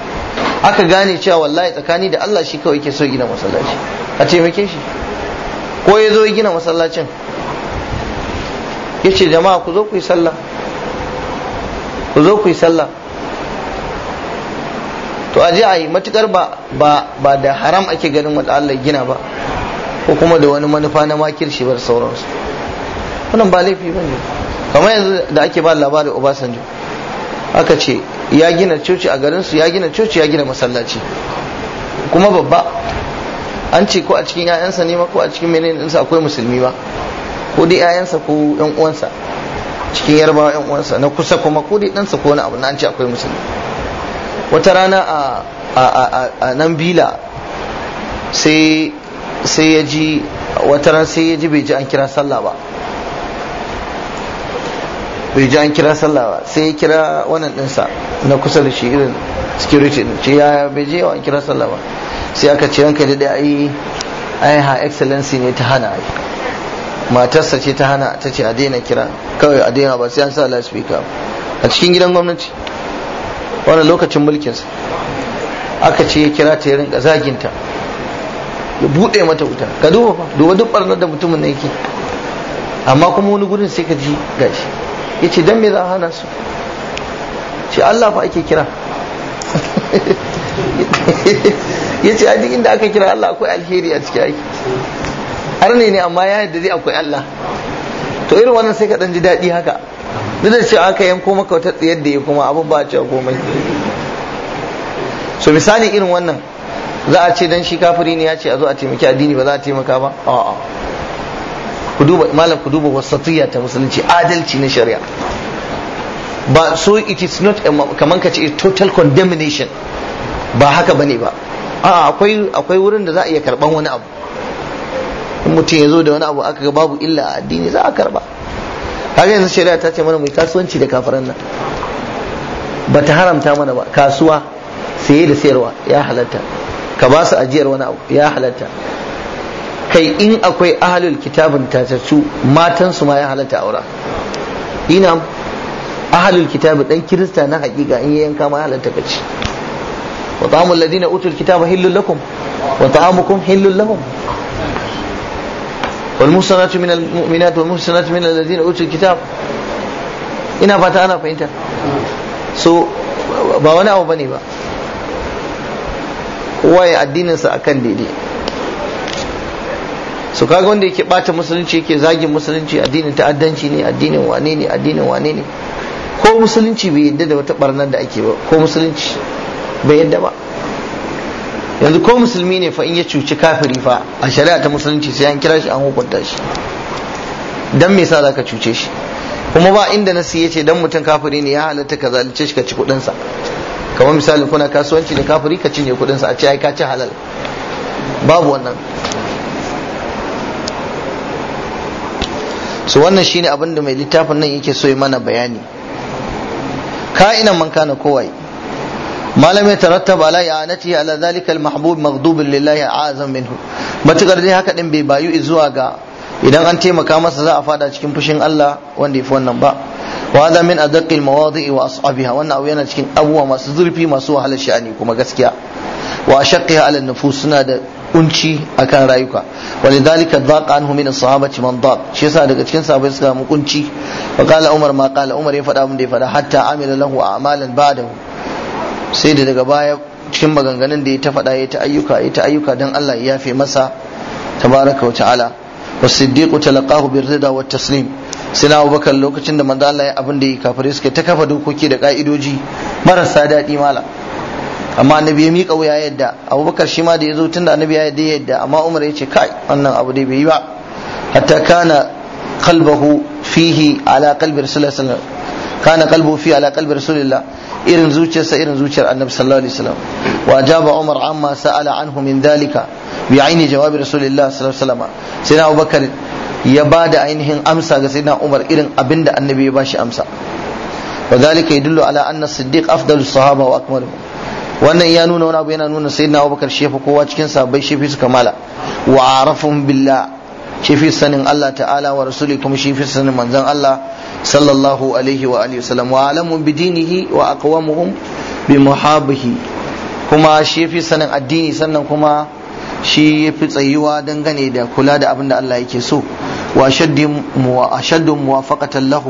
aka gane cewa wallahi tsakani da Allah shi kawai yake so gina masallaci a taimake shi ko ya zo ya gina masallacin ya ce jama'a ku zo ku yi sallah ku zo ku yi sallah to aje a yi matukar ba ba da haram ake ganin wanda Allah gina ba ko kuma da wani manufa na shi bar sauransu wannan ba laifi bane kamar yanzu da ake ba labarin Obasanjo aka ce ya gina coci a garin su ya gina coci ya gina masallaci kuma babba an ce ko a cikin 'ya'yansa ne ma ko a cikin menene akwai musulmi ba ko dai 'ya'yansa ko 'yan uwansa cikin yarbawa yan uwansa na kusa kuma ko dai ɗansa ko wani abu na an ce akwai musulmi wata rana a nan bila sai ya ji wata rana sai ya ji bai ji an kira sallah ba bai ji an kira sallah ba sai ya kira wannan ɗinsa na kusa da shi irin security din ce ya bai je an kira sallah ba sai aka ce ranka da ai ai ha excellency ne ta hana ai matarsa ce ta hana ta ce a daina kira kawai a daina ba sai an sa loudspeaker a cikin gidan gwamnati wani lokacin mulkinsa aka ce ya kira ta ya rinka zaginta ya buɗe mata wuta ka duba fa duba duk barnar da mutumin na yake amma kuma wani gurin sai ka ji gashi ya ce don me za a hana su ce Allah fa ake kira ya ce a duk inda aka kira Allah akwai alheri a cikin aiki har ne amma ya yadda zai akwai Allah to irin wannan sai ka dan ji daɗi haka duk da cewa aka yanko maka wata tsayar da ya kuma abin ba cewa komai so misali irin wannan za a ce dan shi kafiri ne ya ce a zo a taimaki addini ba za a taimaka ba a'a ku duba malam ku duba wasatiyya ta musulunci adalci na shari'a ba so it is not kaman ka ce total condemnation ba haka bane ba a'a akwai wurin da za a iya karban wani abu in mutum ya zo da wani abu aka ga babu illa a addini za a karba kaga yanzu shari'a ta ce mana mu kasuwanci da kafiran nan ba ta haramta mana ba kasuwa saye da sayarwa ya halatta ka ba su ajiyar wani abu ya halatta kai in akwai ahalul kitabin tatattu matan su ma ya halatta aura ina ahalul kitabi dan kirista na hakika in yayin kama halatta kace wa ta'amul ladina utul kitaba hillul lakum wa ta'amukum hillul lahum والمحصنات من المؤمنات والمحصنات من الذين اوتوا الكتاب ina fata ana fahimta so ba wani abu bane ba kowa ya addininsa akan daidai so kaga wanda yake bata musulunci yake zagin musulunci addinin ta'addanci ne addinin wane ne addinin wane ne ko musulunci bai yadda da wata barnar da ake ba ko musulunci bai yadda ba yanzu ko musulmi ne fa in ya cuci kafiri fa a shari'a ta musulunci sai an kira shi an hukunta shi dan me yasa zaka cuce shi kuma ba inda nasi ya ce dan mutum kafiri ne ya halatta ka zalunce shi ka ci kudin sa kamar misali kuna kasuwanci da kafiri ka cinye kudin sa a ce ai ka ci halal babu wannan so wannan shine abin da mai littafin nan yake so ya mana bayani Kaina man kana kowai ما لم يترتب على إعانته على ذلك المحبوب مغضوب لله أعظم منه matukar dai haka din bai bayu zuwa ga idan an taimaka masa za a fada cikin fushin Allah wanda yafi wannan ba wa hadha min adaqqi al wa as'abiha wannan abu yana cikin abubuwa masu zurfi masu wahalar sha'ani kuma gaskiya wa ashaqqiha ala nufus suna da kunci akan rayuka walidhalika dhaqa anhu min as-sahabati man dhaq shi yasa daga cikin sahabbai suka mu kunci wa qala umar ma qala umar ya faɗa mun da ya faɗa hatta amila lahu a'malan ba'dahu sai da daga baya cikin maganganun da ya ta faɗa ya ta ayyuka ya ta ayyuka don Allah ya yafe masa tabaraka wa ta'ala والصديق تلقاه بالرضا والتسليم سنا Sina, بكر lokacin da manzo Allah ya abin da ya kafirai suke ta kafa dokoki da ka'idoji marasa daɗi mala amma annabi ya miƙa wuya yadda abubakar shi ma da ya zo tun da annabi ya yadda yadda amma umar ya ce kai wannan abu dai bai yi ba hatta kana qalbahu fihi ala qalbi rasulullah kana qalbu irin zuciyarsa irin zuciyar annabi sallallahu alaihi wasallam wa jaba umar amma sa'ala anhu min dalika bi aini jawabi rasulillah sallallahu alaihi wasallam sayyidina abubakar ya bada ainihin amsa ga sayyidina umar irin abinda annabi ya bashi amsa wa dalika yadullu ala anna siddiq afdalu sahaba wa akmalu wannan ya nuna wani abu yana nuna sayyidina abubakar shi kowa cikin sahabbai shi fi su kamala wa arafun billah shi fi sanin Allah ta'ala wa rasuli kuma shi fi sanin manzon Allah صلى الله عليه وآله وسلم وعلم بدينه وأقوامهم بمحابه كما شي في سنة الدين سنة كما شي في تسيوا دنغني دا كلا دا أبن الله يكسو وأشد وأشد موافقة له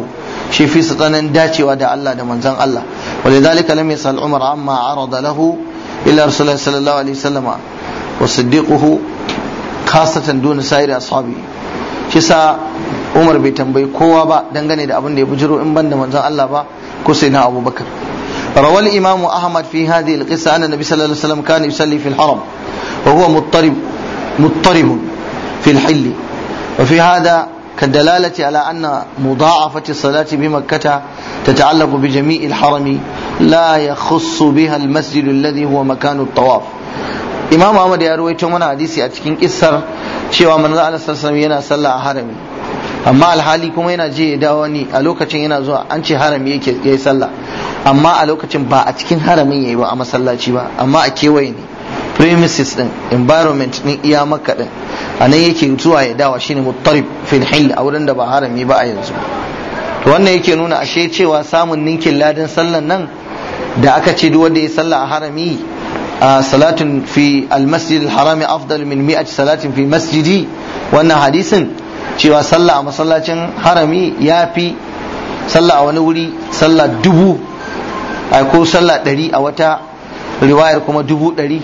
شي في سنة داتي ودا الله دا منزان الله ولذلك لم يسأل عمر عما عرض له إلا رسول الله صلى الله عليه وسلم وصديقه خاصة دون سائر أصحابه شي umar bai tambayi kowa ba dangane da abin da ya bujiro in banda manzon Allah ba ko sai na Abu Bakar rawal imamu ahmad fi hadhihi alqissa anna nabi sallallahu alaihi wasallam kana yusalli fi alharam wa huwa muttarib muttarib fi alhil wa fi hadha kadalalati ala anna bi makkah tata'allaqu bi jami' alharam la yakhussu biha almasjid alladhi tawaf. Imam ahmad ya rawaito mana hadisi a cikin qissar cewa manzo Allah sallallahu yana sallah a harami amma alhali kuma yana je ya dawo ni a lokacin yana zuwa an ce harami yake yayi sallah amma a lokacin ba a cikin haramin yayi ba a masallaci ba amma a kewaye ne premises din environment din iya makka din a nan yake zuwa ya dawo shine muttarib fil hil a wurin da ba harami ba a yanzu to wannan yake nuna ashe cewa samun ninkin ladan sallan nan da aka ce duk wanda ya salla a harami salatun fi al-masjid al-harami afdal min mi'at salatin fi masjidi wannan hadisin cewa sallah a masallacin harami ya fi sallah a wani wuri sallah dubu ko sallah ɗari a wata riwayar kuma dubu ɗari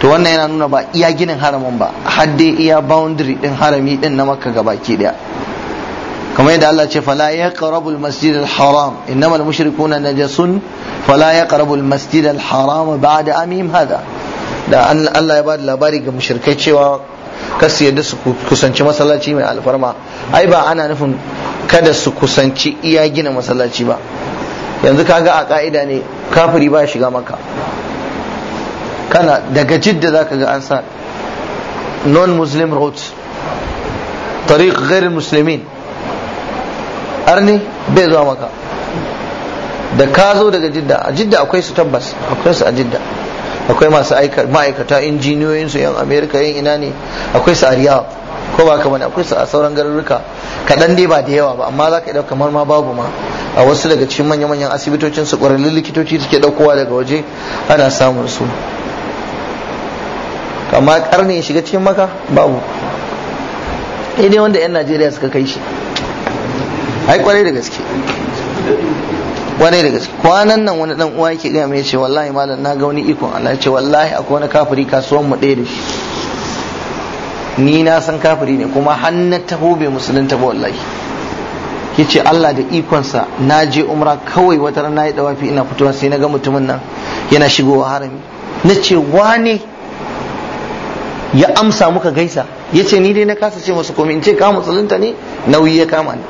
to wannan yana nuna ba iya ginin haramin ba hadde iya boundary din harami din na makka gabaki ɗaya. kamar yadda Allah ce fala yaqrabu al-masjid al-haram innama al-mushrikuna najasun fala yaqrabu al-masjid al-haram ba'da amim hada da Allah ya bada labari ga mushrikai cewa kasu yadda su kusanci masallaci mai alfarma ai ba ana nufin kada su kusanci iya gina masallaci ba yanzu ka ga a ka'ida ne kafiri ba shiga maka kana daga jidda ka ga an sa non muslim route tariq gairin muslimin arni bai zuwa maka da ka zo daga jidda a jidda akwai su tabbas akwai su a jidda akwai masu ma'aikata injiniyoyin su yan amerika yan ina ne akwai su a riyadh ko ba kamar akwai su a sauran garuruka kaɗan dai ba da yawa ba amma za ka ɗauka kamar ma babu ma a wasu daga cikin manya-manyan asibitocin su ƙwararrun likitoci suke ɗaukowa daga waje ana samun su amma ƙarni ya shiga cikin maka babu ne wanda 'yan najeriya suka kai shi ai kwarai da gaske kwarai da gaske kwanan nan wani dan uwa yake gaya mai ce wallahi malam na ga wani ikon Allah ya ce wallahi akwai wani kafiri kasuwan mu ɗaya da shi ni na san kafiri ne kuma hannun taho bai musulunta ba wallahi ce Allah da ikonsa na je umra kawai wata rana ya dawafi ina fitowa sai na ga mutumin nan yana shigowa harami na ce wane ya amsa muka gaisa yace ni dai na kasa ce masa komai in ce ka musulunta ne nauyi ya kama ni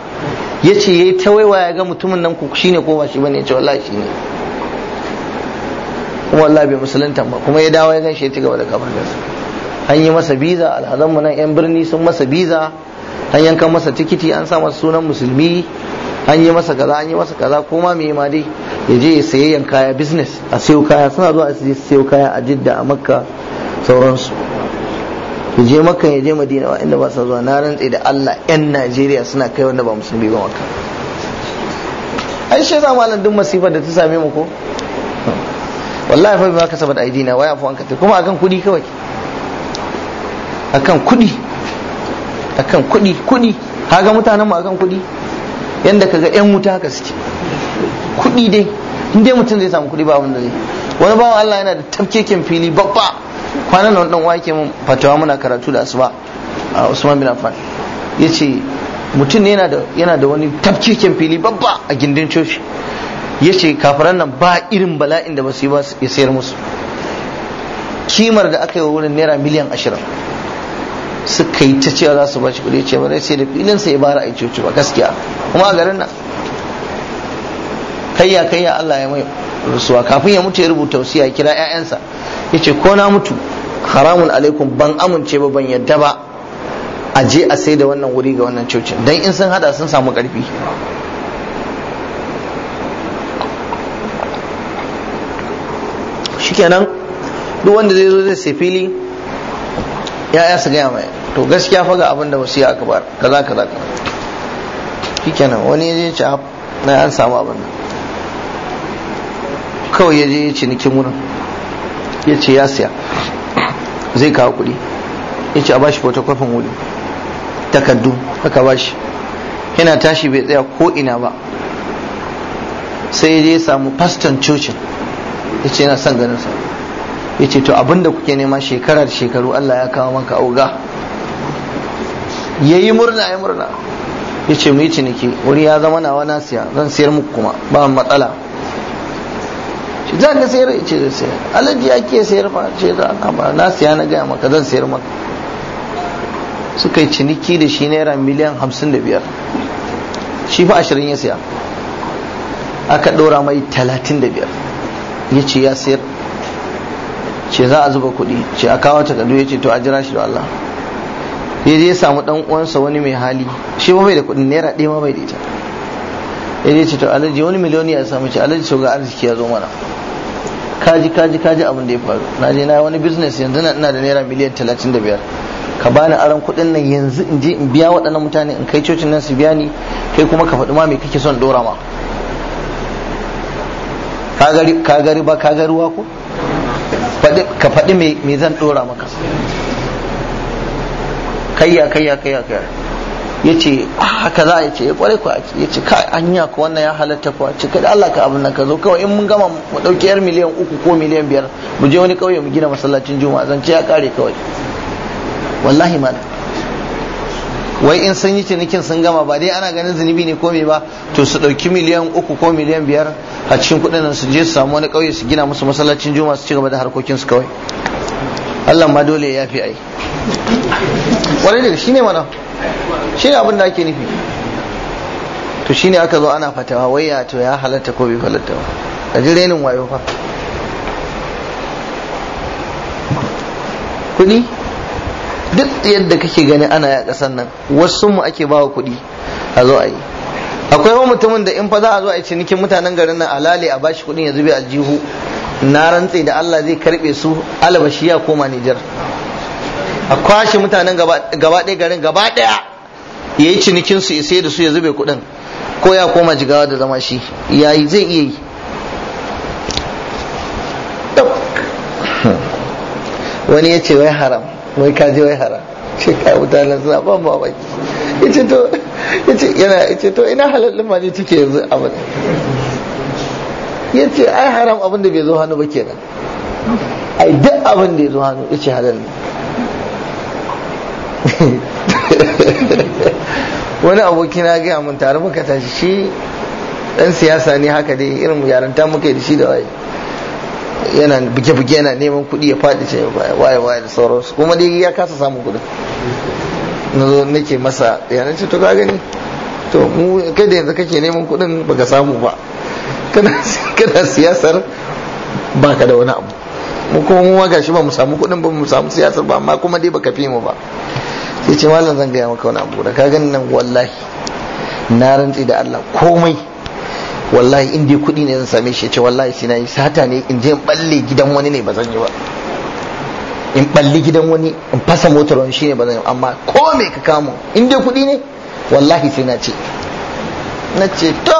ya ce ya yi ta waiwa ya ga mutumin nan shi ne ko ba shi bane ya ce wallahi shi ne kuma wallahi bai musulunta ba kuma ya dawo ya gan shi ya ci gaba da kamar gasa an yi masa biza alhazan mu nan yan birni sun masa biza an yanka masa tikiti an sa sunan musulmi an yi masa kaza an yi masa kaza ko ma me ma dai ya je ya sayayyan kaya business a sayo kaya suna zuwa a sayo kaya a jidda a makka sauransu ku je makka ya je madina wa inda ba sa zuwa na rantse da Allah yan Najeriya suna kai wanda ba musulmi ba maka ai shi yasa malam duk masifar da ta same mu ko wallahi fa ba ka saboda aidina waya afwan ka kuma akan kudi kawai akan kudi akan kudi kudi kaga mutanen mu akan kudi yanda kaga yan wuta haka suke kudi dai in dai mutum zai samu kudi ba abin da zai wani bawan Allah yana da tafkeken fili babba kwanan nan dan wake mun fatawa muna karatu da asuba a Usman bin Affan yace mutum ne yana da wani tafkikin fili babba a gindin coci yace kafiran nan ba irin bala'in da basu yi ba ya sayar musu kimar da aka yi wa wurin naira miliyan ashirin suka yi ta cewa za su ba shi kuɗi ce ba sai da filin sa ya bara a coci ba gaskiya kuma a garin nan kayya kayya Allah ya mai rasuwa kafin ya mutu ya rubuta wasiya kira ƴaƴansa ce ko na mutu haramun alaikum ban amince ba ban yadda ba a je a sai da wannan wuri ga wannan cocin dan in sun hada sun samu karfi shikenan duk wanda zai zo zai sai fili ya'ya su gaya mai to gaskiya faga abin da wasiya aka bar kaza kaza shikenan wani zai ce na an samu abin nan kawai ya je ya nikin wurin ya ce ya siya zai kawo kuɗi ya ce a bashi fotokofin wuri takardu aka bashi yana tashi bai tsaya ko ina ba sai ya je ya samu faston cocin ya ce yana son ganin sa ya ce to abinda kuke nema shekara da shekaru Allah ya kawo maka auga ya yi murna ya murna ya ce mu yi ciniki wuri ya zama na wana siya zan siyar muku kuma ba matsala shi za ka sayar ce zai sayar alaji ya ke sayar ma ce za a ba na siya na gaya maka zan sayar maka suka yi ciniki da shi naira miliyan hamsin da biyar shi fa ashirin ya siya aka ɗora mai talatin da biyar ya ce ya sayar ce za a zuba kuɗi ce a kawo takardu ya ce to a jira shi da Allah ya je ya samu ɗan uwansa wani mai hali shi ma bai da kuɗin naira ɗaya ma bai da ita ya ce to alaji wani miliyoni ya samu ce alaji ga arziki ya zo mana kaji kaji kaji abin da ya faru na je na wani business yanzu na ina da naira miliyan 35 ka bani aron kuɗin nan yanzu in je in biya waɗannan mutane in kai cocin nan su biya ni kai kuma ka faɗi ma me kake son dora ma ka gari ba ka gari ko ka faɗi me zan dora maka kayya kayya kayya kayya ya ce ah, za a yi ce ya eh, kware ku ya ce kai anya ku wannan ya halatta ku ce kada Allah ka abin nan ka zo kawai in mun gama mu dauki yar miliyan uku ko miliyan biyar mu je wani kauye mu gina masallacin juma'a zance ya kare kawai wallahi ma wai in sun yi cinikin sun gama ba dai ana ganin zunubi ne ko me ba to su dauki miliyan uku ko miliyan biyar a cikin kudin nan su je su samu wani kauye su gina musu masallacin juma'a su ci gaba da harkokin su kawai Allah ma dole ya fi ai kwarai da shi ne mana shi abin da ake nufi to shine aka zo ana fatawa waya to ya halatta ko bai halatta ba a ji renin wayo fa kuɗi duk yadda kake gani ana ya kasan nan wasu mu ake bawa kuɗi a zo a yi akwai wani mutumin da in fa za a zo a yi cinikin mutanen garin nan alale a bashi kuɗin ya zube aljihu na rantse da Allah zai karɓe su alabashi ya koma Nijar a kwashe mutanen gaba ɗaya garin gaba ɗaya ya yi cinikin su sai da su ya zube kuɗin ko ya koma jigawa da zama shi yayi zai iya yi wani ya ce wai haram wai kaji wai haram ce ka mutanen suna ban mamaki ya ce to yana ce to ina halallin ma ne cike yanzu abin ya ce ai haram abin da bai zo hannu ba kenan ai duk abin da ya zo hannu ya ce halal wani aboki na gaya mun tare muka tashi shi dan siyasa ne haka dai irin yaranta muka yi da shi da waye yana buge-buge yana neman kuɗi ya faɗi ce waye waye da sauransu kuma dai ya kasa samun kuɗin na zo nake masa yana ce to ka gani to mu kai da yanzu kake neman kuɗin baka samu ba kana siyasar baka da wani abu mu kuma mu ga shi ba mu samu kuɗin ba mu samu siyasar ba amma kuma dai baka fi mu ba sai ce malam zan gaya maka wani abu da ka gani nan wallahi na rantsi da Allah komai wallahi in dai kuɗi ne zan same shi ce wallahi sai nayi sata ne in je in balle gidan wani ne ba zan yi ba in balle gidan wani in fasa motar wani shine ba zan yi amma ko me ka kamo in dai kuɗi ne wallahi sai na ce na ce to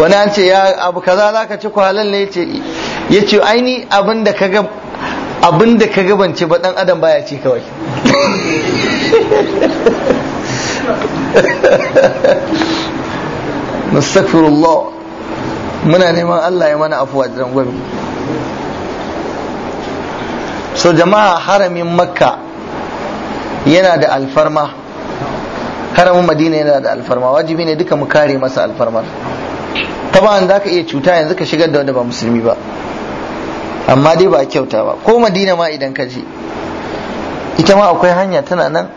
wani an ce ya abu kaza za ka ci ku halal ne ya ce aini abinda ka ga abin da ka gabance ba dan adam baya ci kawai nastaghfirullah muna neman Allah ya mana afuwa da gwami so jama'a haramin makka yana da alfarma haramin madina yana da alfarma wajibi ne duka mu kare masa alfarmar taban za ka iya cuta yanzu ka shigar da wanda ba musulmi ba amma dai ba a kyauta ba ko madina ma idan ka je ita ma akwai hanya tana nan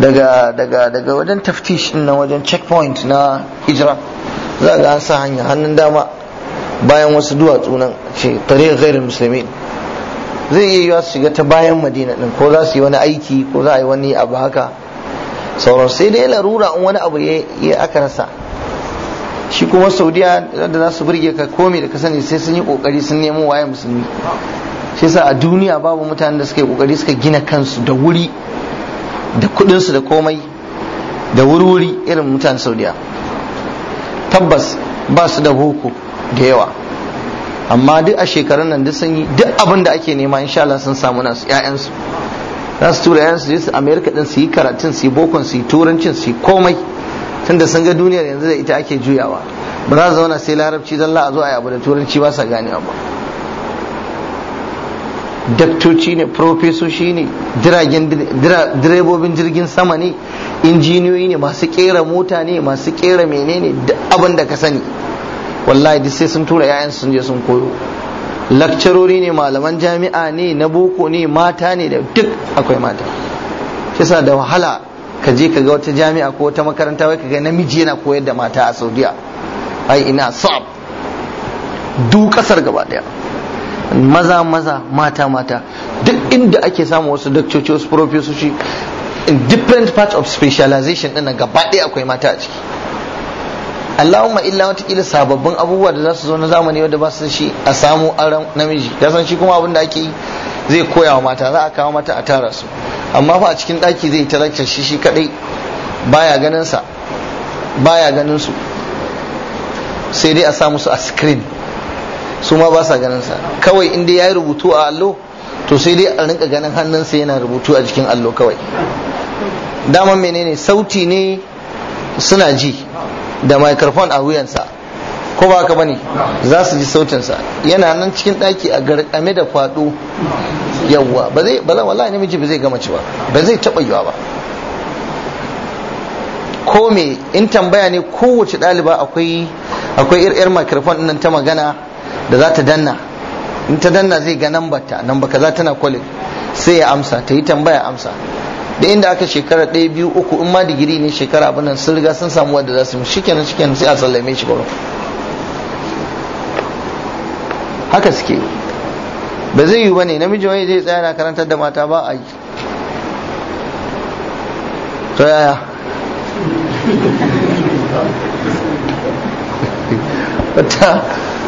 daga daga daga wajen taftish na wajen checkpoint na hijira za ga an sa hanya hannun dama bayan wasu duwatsu nan ce tare ghairin musulmi zai iya yiwa su shiga ta bayan madina din ko za su yi wani aiki ko za a yi wani abu haka sauran sai dai larura in wani abu ya aka rasa shi kuma saudiya da za su burge ka komai da ka sani sai sun yi kokari sun nemo waye musulmi shi yasa a duniya babu mutanen da suka yi kokari suka gina kansu da wuri da kudinsu da komai da wuri-wuri irin mutane saudiya tabbas ba su da boko da yawa amma duk a shekarun nan duk sun yi duk abin da ake nema insha Allah sun samu nasu 'ya'yansu za su tura ƴaƴansu je su Amerika din su yi karatun su yi bokon su yi turancin su yi komai tunda sun ga duniyar yanzu da ita ake juyawa ba za su zauna sai larabci zalla a zo a yi abu da turanci ba sa gane ba. daktoci ne profesoshi ne direbobin jirgin sama ne injiniyoyi ne masu kera mota ne masu kera menene da abin da ka sani wallahi duk sai sun tura 'ya'yan sun je sun koyo lakcarori ne malaman jami'a ne na boko ne mata ne da duk akwai mata kisa da wahala ka je ka ga wata jami'a ko wata makaranta wai ka ga namiji yana koyar da mata a saudiya ai ina sab du kasar gaba daya maza maza mata mata duk inda ake samu wasu dakcoci wasu profesoci in different parts of specialization din gaba daya akwai mata a ciki Allahumma illa watakila sababbin abubuwa da za su zo na zamani wanda ba su shi a samu aran namiji da san shi kuma abin da ake zai koya wa mata za a kawo mata a tara su amma fa a cikin daki zai tarakta shi shi kadai baya ganin sa baya ganin su sai dai a samu su a screen su ma ba sa ganin sa kawai in dai yayi rubutu a allo to sai dai a rinka ganin hannun sa yana rubutu a jikin allo kawai daman menene sauti ne suna ji da microphone a wuyansa ko ba ka bane za su ji sautinsa yana nan cikin ɗaki a garkame da kwado yawwa ba zai bala wallahi namiji ba zai gama ci ba ba zai taɓa yiwa ba ko me in tambaya ne kowace ɗaliba akwai akwai irin microphone nan ta magana da za ta danna in ta danna zai ga ta number kaza tana kwalin sai ya amsa ta yi tambaya amsa da inda aka shekara ɗaya biyu uku in ma digiri ne shekara abin nan sun riga sun samu wanda za su yi shikenan shikenan sai a sallame shi gurin haka suke ba zai yi bane namiji wani zai tsaya na karantar da mata ba a yi to yaya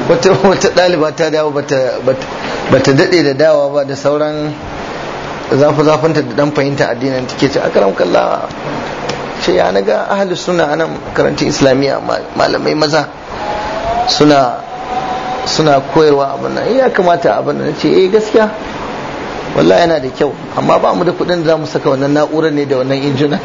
wata wata ɗaliba ta dawo bata daɗe da dawa ba da sauran zafi zafinta da dan fahimta addinin ke ce karam kalla ce ya naga ahalus suna anan karantin islamiyya malamai maza suna suna koyarwa abin nan eh, ya kamata abin nan ce eh gaskiya wallahi yana da kyau amma ba mu da kuɗin da za mu saka wannan na'urar ne da wannan injina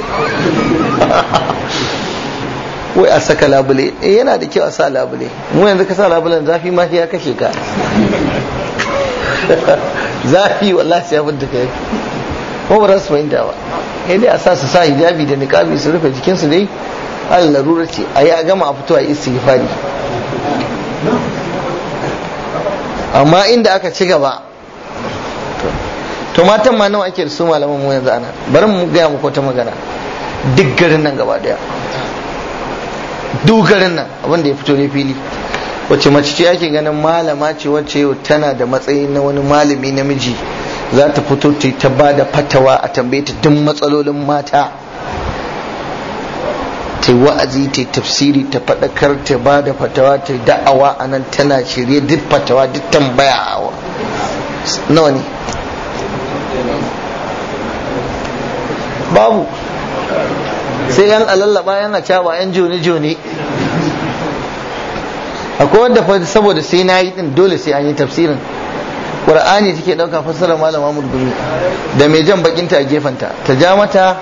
wai a saka labule eh, yana da kyau a sa labule mu yanzu ka sa labulen zafi ma ya kashe ka zafi wallahi sai abin da kai ko ba su fahimta ba sai dai a sa su sa hijabi da niqabi su rufe jikin su dai al larura ce a yi a gama a fito a istighfari amma inda aka ci gaba to matan ma nawa ake da su malaman mu yanzu ana bari mu gaya muku ta magana duk garin nan gaba daya duk garin nan abin da ya fito ne fili Wace mace ce ake ganin malama ce wacce yau tana da matsayi na wani malami namiji za ta fito ta ta ba da fatawa a tambaye ta duk matsalolin mata ta wa'azi ta tafsiri ta faɗakar ta ba da fatawa ta da'awa a nan tana shirye duk fatawa duk tambaya nawa ne babu sai yan alallaba yan caba yan joni joni akwai wanda fa saboda sai na yi din dole sai an yi tafsirin qur'ani take dauka Malam malama Gumi. da mai jan bakin ta a gefenta ta ja mata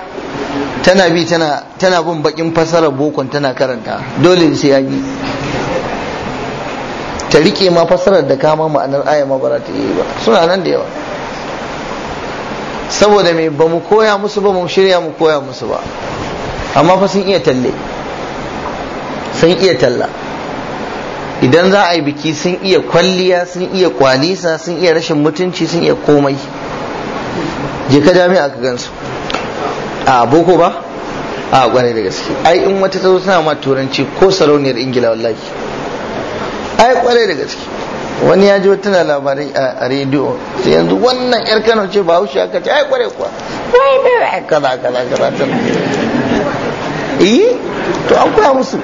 tana bi tana tana bin bakin fassarar bokon tana karanta dole sai ya yi ta rike ma fassarar da kama ma'anar aya ma ba ta yi ba suna nan da yawa saboda me ba mu koya musu ba mu shirya mu koya musu ba amma fa sun iya talle sun iya talla idan za a yi biki sun iya kwalliya sun iya kwalisa sun iya rashin mutunci sun iya komai je ka jami'a ka gansu a boko ba a kwanai da gaske ai in wata ta suna ma turanci ko sarauniyar ingila wallahi ai kwanai da gaske wani ya ji tana labarai a rediyo sai yanzu wannan yar kano ce ba haushi aka ce ai kware kuwa wai mai kaza kaza kaza ta eh to an koya musu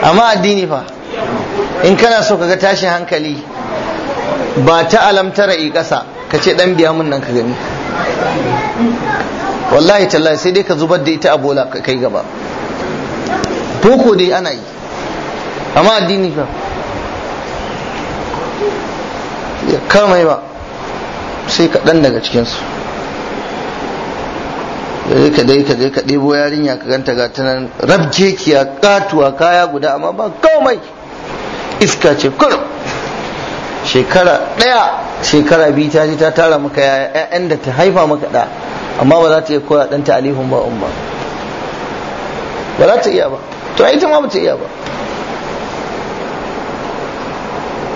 amma addini fa in kana so kaga tashin hankali ba ta alamtara i ƙasa ka ce ɗan biya mun nan ka gani wallahi tallahi sai dai ka zubar da ita a bola ka kai gaba boko dai ana yi amma addini fa ya kama ba sai kaɗan daga cikinsu dai ka dai ka dai ka ɗebo yarinya ka ganta ga ta nan rabkekiya katuwa kaya guda amma ba komai iska ce kurum shekara ɗaya shekara biyu ta je ta tara maka ‘ya'yan da ta haifa maka ɗa amma ba za ta iya koya ɗanta alihun ba umma ba za ta iya ba to ita ma ba ta iya ba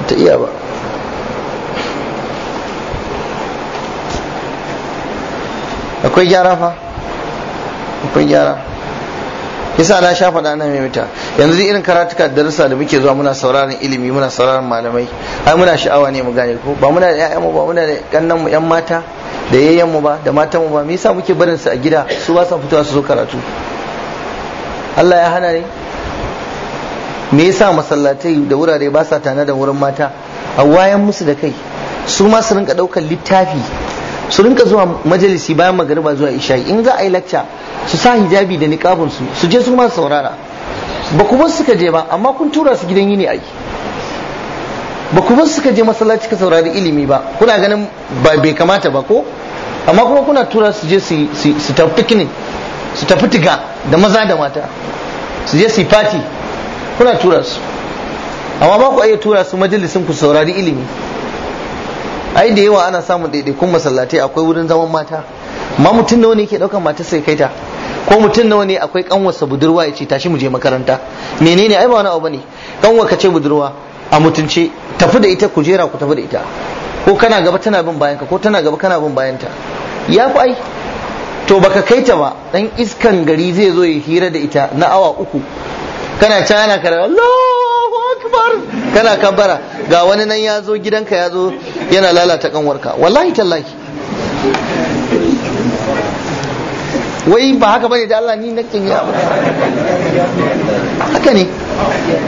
ta iya ba akwai gyara fa akwai gyara yasa na sha faɗa mai maimaita yanzu irin karatuka darussa da muke zuwa muna sauraron ilimi muna sauraron malamai ai muna sha'awa ne mu gane ko ba muna da mu ba muna da kannan mu ƴan mata da yayyan mu ba da matan mu ba me yasa muke barin su a gida su ba sa fitowa su zo karatu Allah ya hana ne me yasa masallatai da wurare ba sa tana da wurin mata a wayan musu da kai su ma su rinka ɗaukar littafi su rinka zuwa majalisi bayan magariba zuwa isha in za a yi lacca su sa hijabi da niqabun su su je su ma saurara ba ku suka je ba amma kun tura su gidan yini ai ba ku suka je masallaci ka saurari ilimi ba kuna ganin ba bai kamata ba ko amma kuma kuna tura su je su tafi picnic su tafi tiga da maza da mata su je su yi fati kuna tura su amma ba ku iya tura su majalisin ku saurari ilimi ai da yawa ana samun daidaikun masallatai akwai wurin zaman mata ma mutum nawa ne ke daukan mata sai kai ta ko mutum nawa ne akwai kanwarsa budurwa ya ce tashi mu je makaranta menene ai ba wani abu bane kanwar ka ce budurwa a mutunce tafi da ita kujera ku tafi da ita ko kana gaba tana bin bayan ka ko tana gaba kana bin bayan ta ya fi ai to baka kai ta ba dan iskan gari zai zo ya hira da ita na awa uku kana can ana karatu Allah akbar kana kabbara ga wani nan ya zo gidanka ya zo yana lalata kanwarka wallahi tallahi wai ba haka bane da Allah ni nakin ya haka ne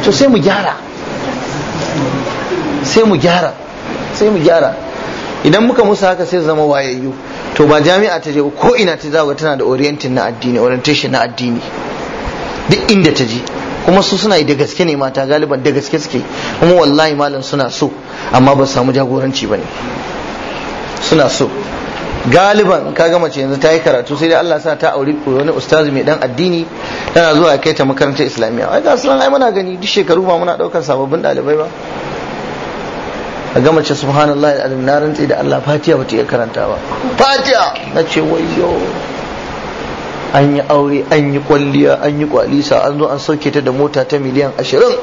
to sai mu gyara sai mu gyara sai mu gyara idan muka musu haka sai zama wayayyu to ba jami'a ta je ko ina ta zawo tana da orientin na addini orientation na addini duk inda ta je kuma su suna da gaske ne mata galiban da gaske suke kuma wallahi malam suna so amma ba su samu jagoranci ba ne suna so galiban ka ga mace yanzu ta yi karatu sai dai Allah sa ta auri wani ustazi mai dan addini tana zuwa kai ta makarantar islamiyya ai ga ai muna gani duk shekaru ba muna daukar sababbin dalibai ba a ga mace subhanallah alazim na rantsi da Allah fatiha bata iya karanta ba fatiha nace wayyo an yi aure an yi kwalliya an yi kwalisa an zo an sauke ta da mota ta miliyan ashirin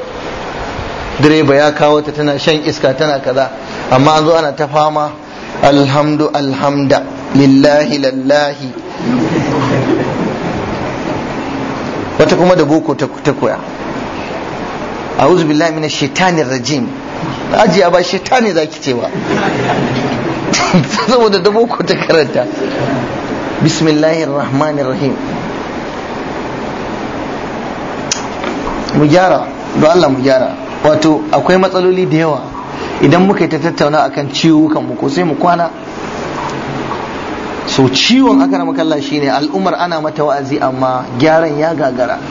direba ya kawo ta tana shan iska tana kaza amma an zo ana ta fama alhamdu alhamda lillahi lallahi wata kuma da boko ta koya a'udhu billahi mina shaitanir rajim ajiya ba shaitani zaki ce ba saboda da boko ta karanta بسم الله الرحمن الرحيم mujara don Allah mujara wato akwai matsaloli da yawa idan muka yi ta tattauna akan ciwukan mu ko sai mu kwana so ciwon aka na makalla shine al'ummar ana mata wa'azi amma gyaran ya gagara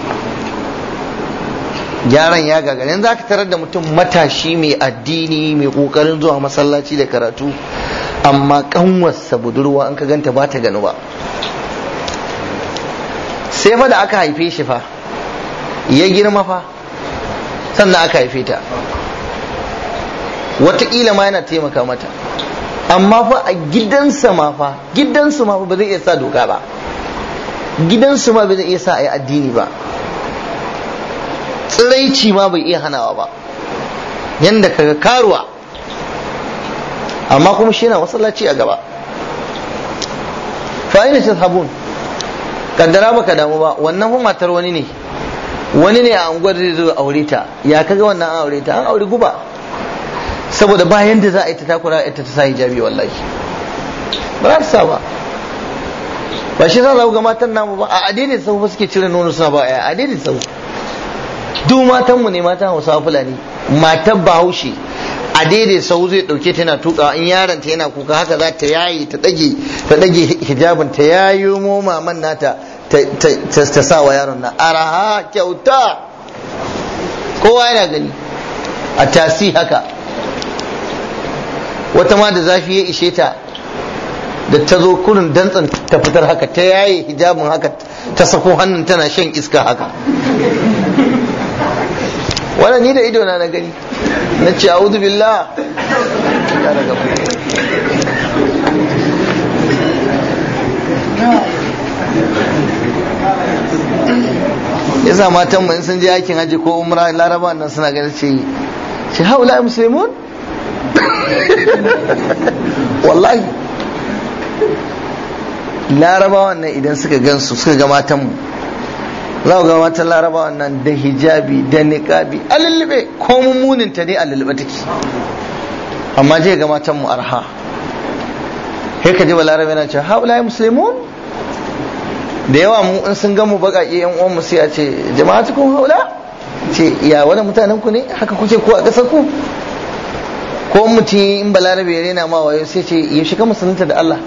gyaran ya gagarin za ka tarar da mutum matashi mai addini mai kokarin zuwa masallaci da karatu amma kanwarsa budurwa an ka ganta ba ta ganu ba sai fa da aka haife shi fa ya girma fa sannan aka haife ta wataƙila ma yana taimaka mata amma fa a gidansa ma fa gidansu ma fa ba zai iya sa doka ba gidansu ma ba zai iya sa a yi addini ba tsiraici ma bai iya hanawa ba Yadda kaga karuwa amma kuma shi yana masallaci a gaba fa'ina shi tadhhabun kaddara baka damu ba wannan fa matar wani ne wani ne a unguwar zai zo aure ta ya kaga wannan an aure ta an aure guba saboda bayan da za a yi ta takura ita ta sa hijabi wallahi ba za sa ba ba shi za ga matan namu ba a adini sau suke cire nono suna ba a adini sau duk mu ne mata hausawa fulani matar bahaushe a daidai sau zai dauke ta yana tuka in yaron ta yana kuka haka za ta yayi ta dage ta dage hijabin ta yayo mo maman nata ta sa wa yaron na araha kyauta kowa yana gani a tasi haka wata ma da zafi ya ishe ta da ta zo kurin dantsan ta fitar haka ta yaye hijabin haka ta sako hannun tana shan iska haka wannan ni da ido na na gani na ce a'udhu billah yasa matan in sun je yakin haji ko umra laraba nan suna gani ce ce haula muslimun wallahi larabawan nan idan suka gansu suka ga matanmu za ga matan larabawa nan da hijabi da niqabi a lullube ko mummunin ta ne a lullube take amma je ga matan mu arha he ka ji balarabe yana ce haula muslimun da yawa mu in sun ga mu baƙaƙe yan uwan mu sai a ce kun haula ce ya wani mutanen ku ne haka kuke ko a ƙasar ku ko mutum in balarabe ya rena ma wayo sai ce ya shiga musulunta da Allah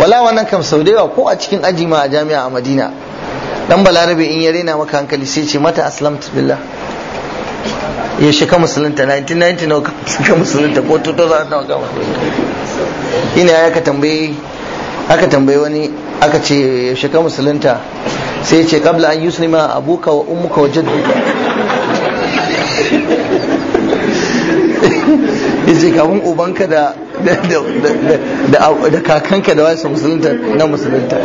wala wannan kam sau da yawa ko a cikin aji ma a jami'a a Madina dan balarabe in ya rena maka hankali sai ce mata aslamtu billah ya shika musulunta 1990 nawa shika musulunta ko 2000 nawa gama ina aka tambaye aka tambaye wani aka ce ya shika musulunta sai ce kabla an yuslima abuka wa ummuka wa jadduka yace kafin ubanka da da kakanka da wasu musulunta na musulunta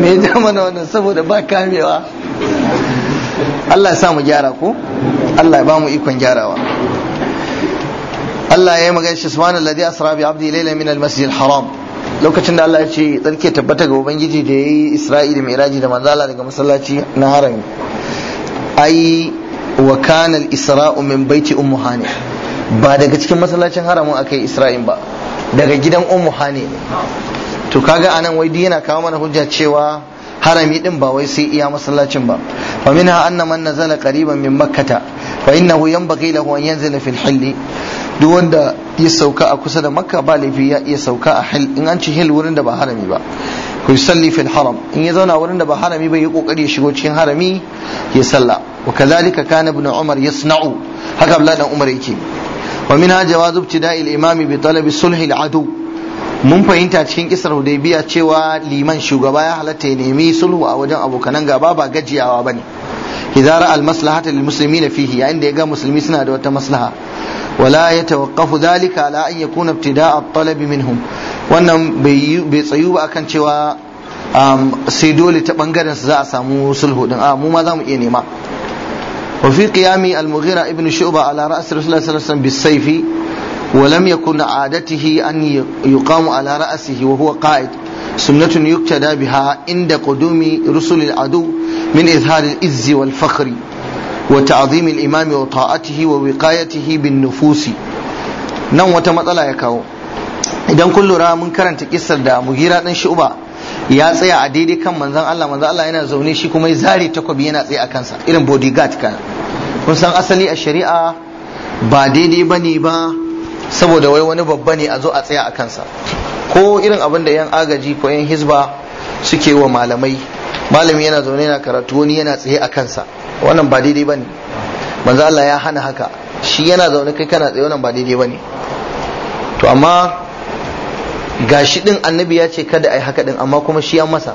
me ya ja mana wannan saboda ba kamewa Allah ya samu gyara ko Allah ya ba mu ikon gyarawa Allah ya yi magana shi subhanahu alladhi asra bi abdi layla min al-masjid al-haram lokacin da Allah ya ce tsarki tabbata ga ubangiji da yayi Isra'ila miraji da manzala daga masallaci na harami ai wa kana al-isra'u min baiti ummu hani ba daga cikin masallacin haramun akai isra'in ba daga gidan ummu hani to kaga anan wai duk yana kawo mana hujja cewa harami din ba wai sai iya masallacin ba fa minha anna man nazala qariban min makkata fa innahu yanbaghi lahu an yanzila fil hil duk wanda ya sauka a kusa da makka ba laifi ya iya sauka a hil in an ci hil wurin da ba harami ba ku salli fil haram in ya zauna wurin da ba harami ba ya kokari ya shigo cikin harami ya salla wa kadhalika kana ibn umar yasna'u haka abdullahi dan umar yake wa minha jawazu ibtida'i al-imami bi talabi sulhi al-adu mun fahimta cikin kisar hudaybiya cewa liman shugaba ya halatta ya nemi sulhu a wajen abokanan gaba ba gajiyawa ba ne. hizara al maslahata lil muslimin fihi yayin da ya ga musulmi suna da wata maslaha wala yatawaqqafu dhalika ala an yakuna ibtida'a at-talab minhum wannan bai tsayu ba akan cewa um, sai dole ta bangaren su za a samu sulhu din a mu ma za mu iya nema wa fi al-mughira ibn shu'ba ala ra's rasulullah sallallahu alaihi ولم يكن عادته أن يقام على رأسه وهو قائد سنة يقتدى بها عند قدوم رسل العدو من إظهار الإز والفخر وتعظيم الإمام وطاعته ووقايته بالنفوس nan wata يكاو idan kun lura mun karanta kissar da mugira dan shuba ya tsaya a daidai kan manzon Allah manzon Allah yana zaune shi kuma ya zare takobi yana tsaye a kansa irin bodyguard kan kun san asali a shari'a ba daidai bane ba saboda wai wani babba ne a zo a tsaya a kansa ko irin abin da yan agaji ko yan hizba suke wa malamai malami yana zaune yana karatu wani yana tsaye a kansa wannan ba daidai bane manzo Allah ya hana haka shi yana zaune kai kana tsaye wannan ba daidai bane to amma gashi din annabi ya ce kada ai haka din amma kuma shi an masa